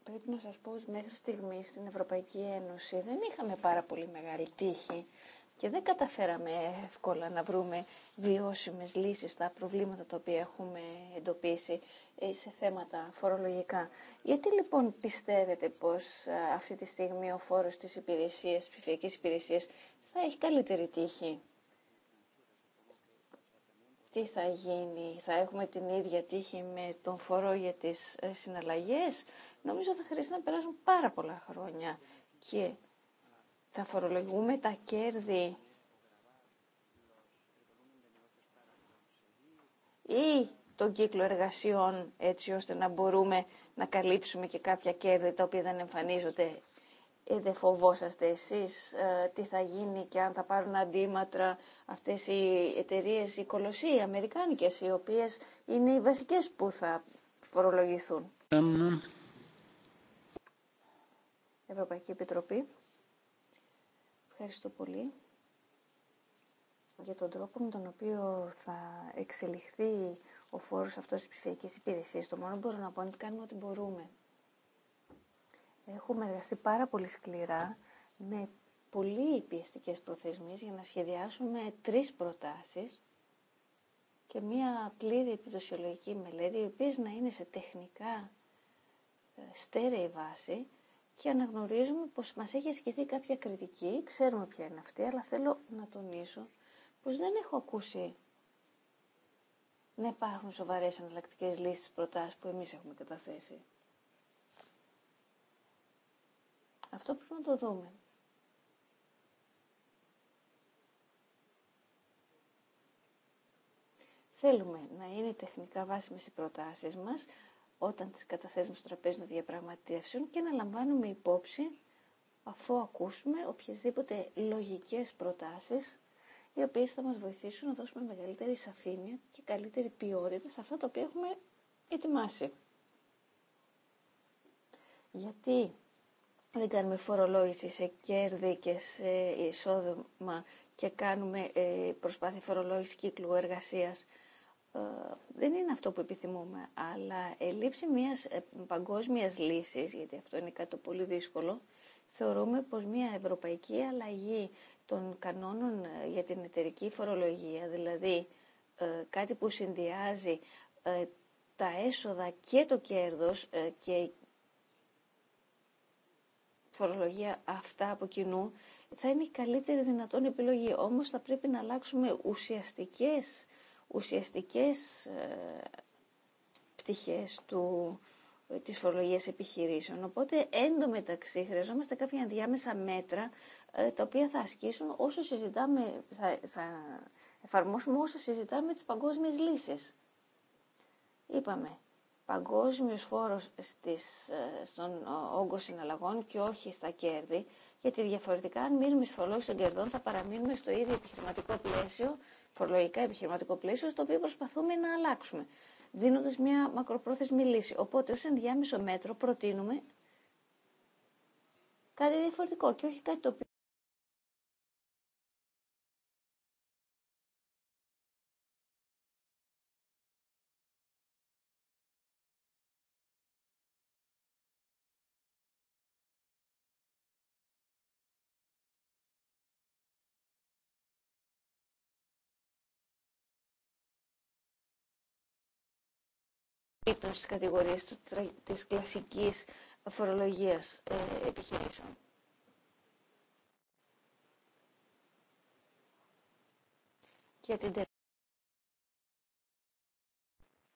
Πρέπει να σας πω ότι μέχρι στιγμή στην Ευρωπαϊκή Ένωση δεν είχαμε πάρα πολύ μεγάλη τύχη και δεν καταφέραμε εύκολα να βρούμε βιώσιμες λύσεις στα προβλήματα τα οποία έχουμε εντοπίσει ε, σε θέματα φορολογικά. Γιατί λοιπόν πιστεύετε πως ε, αυτή τη στιγμή ο φόρος της υπηρεσίας, ψηφιακής υπηρεσίας θα έχει καλύτερη τύχη τι θα γίνει, θα έχουμε την ίδια τύχη με τον φορό για τις ε, συναλλαγές, νομίζω θα χρειαστεί να περάσουν πάρα πολλά χρόνια και θα φορολογούμε τα κέρδη ή τον κύκλο εργασιών έτσι ώστε να μπορούμε να καλύψουμε και κάποια κέρδη τα οποία δεν εμφανίζονται ε, δεν φοβόσαστε εσείς ε, τι θα γίνει και αν θα πάρουν αντίματρα αυτές οι εταιρείε, οι κολοσσοί, οι αμερικάνικες, οι οποίες είναι οι βασικές που θα φορολογηθούν. Ευρωπαϊκή Επιτροπή. Ευχαριστώ πολύ για τον τρόπο με τον οποίο θα εξελιχθεί ο φόρος αυτός της ψηφιακής υπηρεσίας. Το μόνο που μπορώ να πω είναι ότι κάνουμε ό,τι μπορούμε. Έχουμε εργαστεί πάρα πολύ σκληρά με πολύ πιεστικές προθεσμίες για να σχεδιάσουμε τρεις προτάσεις και μία πλήρη επιδοσιολογική μελέτη, οι οποίες να είναι σε τεχνικά ε, στέρεη βάση και αναγνωρίζουμε πως μας έχει ασκηθεί κάποια κριτική, ξέρουμε ποια είναι αυτή, αλλά θέλω να τονίσω πως δεν έχω ακούσει να υπάρχουν σοβαρές εναλλακτικέ λύσεις προτάσεις που εμείς έχουμε καταθέσει. Αυτό πρέπει να το δούμε. Θέλουμε να είναι τεχνικά βάσιμες οι προτάσεις μας όταν τις καταθέσουμε στο τραπέζι των διαπραγματεύσεων και να λαμβάνουμε υπόψη αφού ακούσουμε οποιασδήποτε λογικές προτάσεις οι οποίες θα μας βοηθήσουν να δώσουμε μεγαλύτερη σαφήνεια και καλύτερη ποιότητα σε αυτά τα οποία έχουμε ετοιμάσει. Γιατί δεν κάνουμε φορολόγηση σε κέρδη και σε εισόδημα και κάνουμε ε, προσπάθεια φορολόγηση κύκλου εργασίας. Ε, δεν είναι αυτό που επιθυμούμε, αλλά ελείψη μιας ε, παγκόσμιας λύσης, γιατί αυτό είναι κάτι πολύ δύσκολο, θεωρούμε πως μια ευρωπαϊκή αλλαγή των κανόνων για την εταιρική φορολογία, δηλαδή κάτι που συνδυάζει τα έσοδα και το κέρδος και φορολογία αυτά από κοινού θα είναι η καλύτερη δυνατόν επιλογή. Όμως θα πρέπει να αλλάξουμε ουσιαστικές, ουσιαστικές ε, πτυχές του, ε, της φορολογίας επιχειρήσεων. Οπότε εντωμεταξύ χρειαζόμαστε κάποια διάμεσα μέτρα ε, τα οποία θα ασκήσουν όσο συζητάμε, θα, θα εφαρμόσουμε όσο συζητάμε τις παγκόσμιες λύσεις. Είπαμε, παγκόσμιος φόρος στις, ε, στον όγκο συναλλαγών και όχι στα κέρδη, γιατί διαφορετικά αν μείνουμε στη φορολόγηση των κερδών θα παραμείνουμε στο ίδιο επιχειρηματικό πλαίσιο, φορολογικά επιχειρηματικό πλαίσιο, στο οποίο προσπαθούμε να αλλάξουμε, δίνοντας μια μακροπρόθεσμη λύση. Οπότε ως ενδιάμεσο μέτρο προτείνουμε κάτι διαφορετικό και όχι κάτι το οποίο τρίτον στις κατηγορίες της κλασικής φορολογίας ε, επιχειρήσεων. Για την τελευταία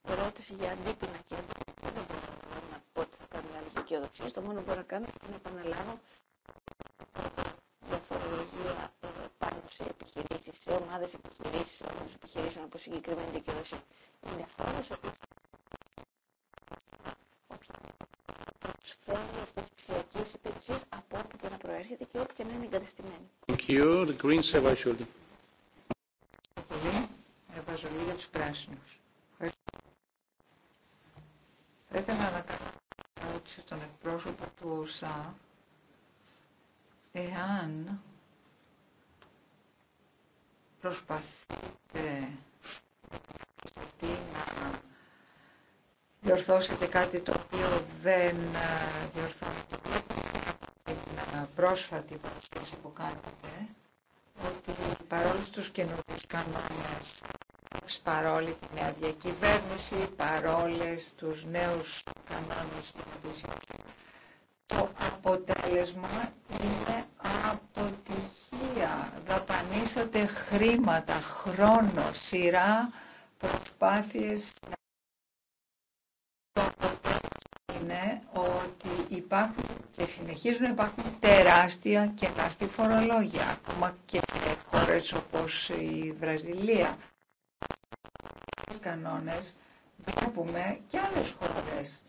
ερώτηση για αντίπινα και αντίπινα δεν μπορώ να πω ότι θα κάνω άλλες δικαιοδοξίες. Το μόνο που μπορώ να κάνω είναι να επαναλάβω για φορολογία ε, πάνω σε επιχειρήσεις, σε ομάδες επιχειρήσεων, σε επιχειρήσεων από συγκεκριμένη δικαιοδοσία. Είναι σφαίρνει αυτές τις ψηφιακέ υπηρεσίες από όπου και να προέρχεται και όπου και να είναι εγκατεστημένη. Thank you. The Greens have Πολύ. Ευαζολή για τους πράσινους. Θα ήθελα να κάνω ερώτηση στον εκπρόσωπο του ΩΣΑ εάν προσπαθείτε να διορθώσετε κάτι το οποίο δεν ε, διορθώνεται την ε, πρόσφατη παρουσίαση που κάνετε ότι παρόλο τους καινούριους κανόνες παρόλη τη νέα διακυβέρνηση, παρόλες τους νέους κανόνες το αποτέλεσμα είναι αποτυχία. Δαπανίσατε χρήματα, χρόνο, σειρά, προσπάθειες το είναι ότι υπάρχουν και συνεχίζουν να υπάρχουν τεράστια κενά στη φορολόγια, ακόμα και χώρες όπως η Βραζιλία. κανόνες βλέπουμε και άλλες χώρες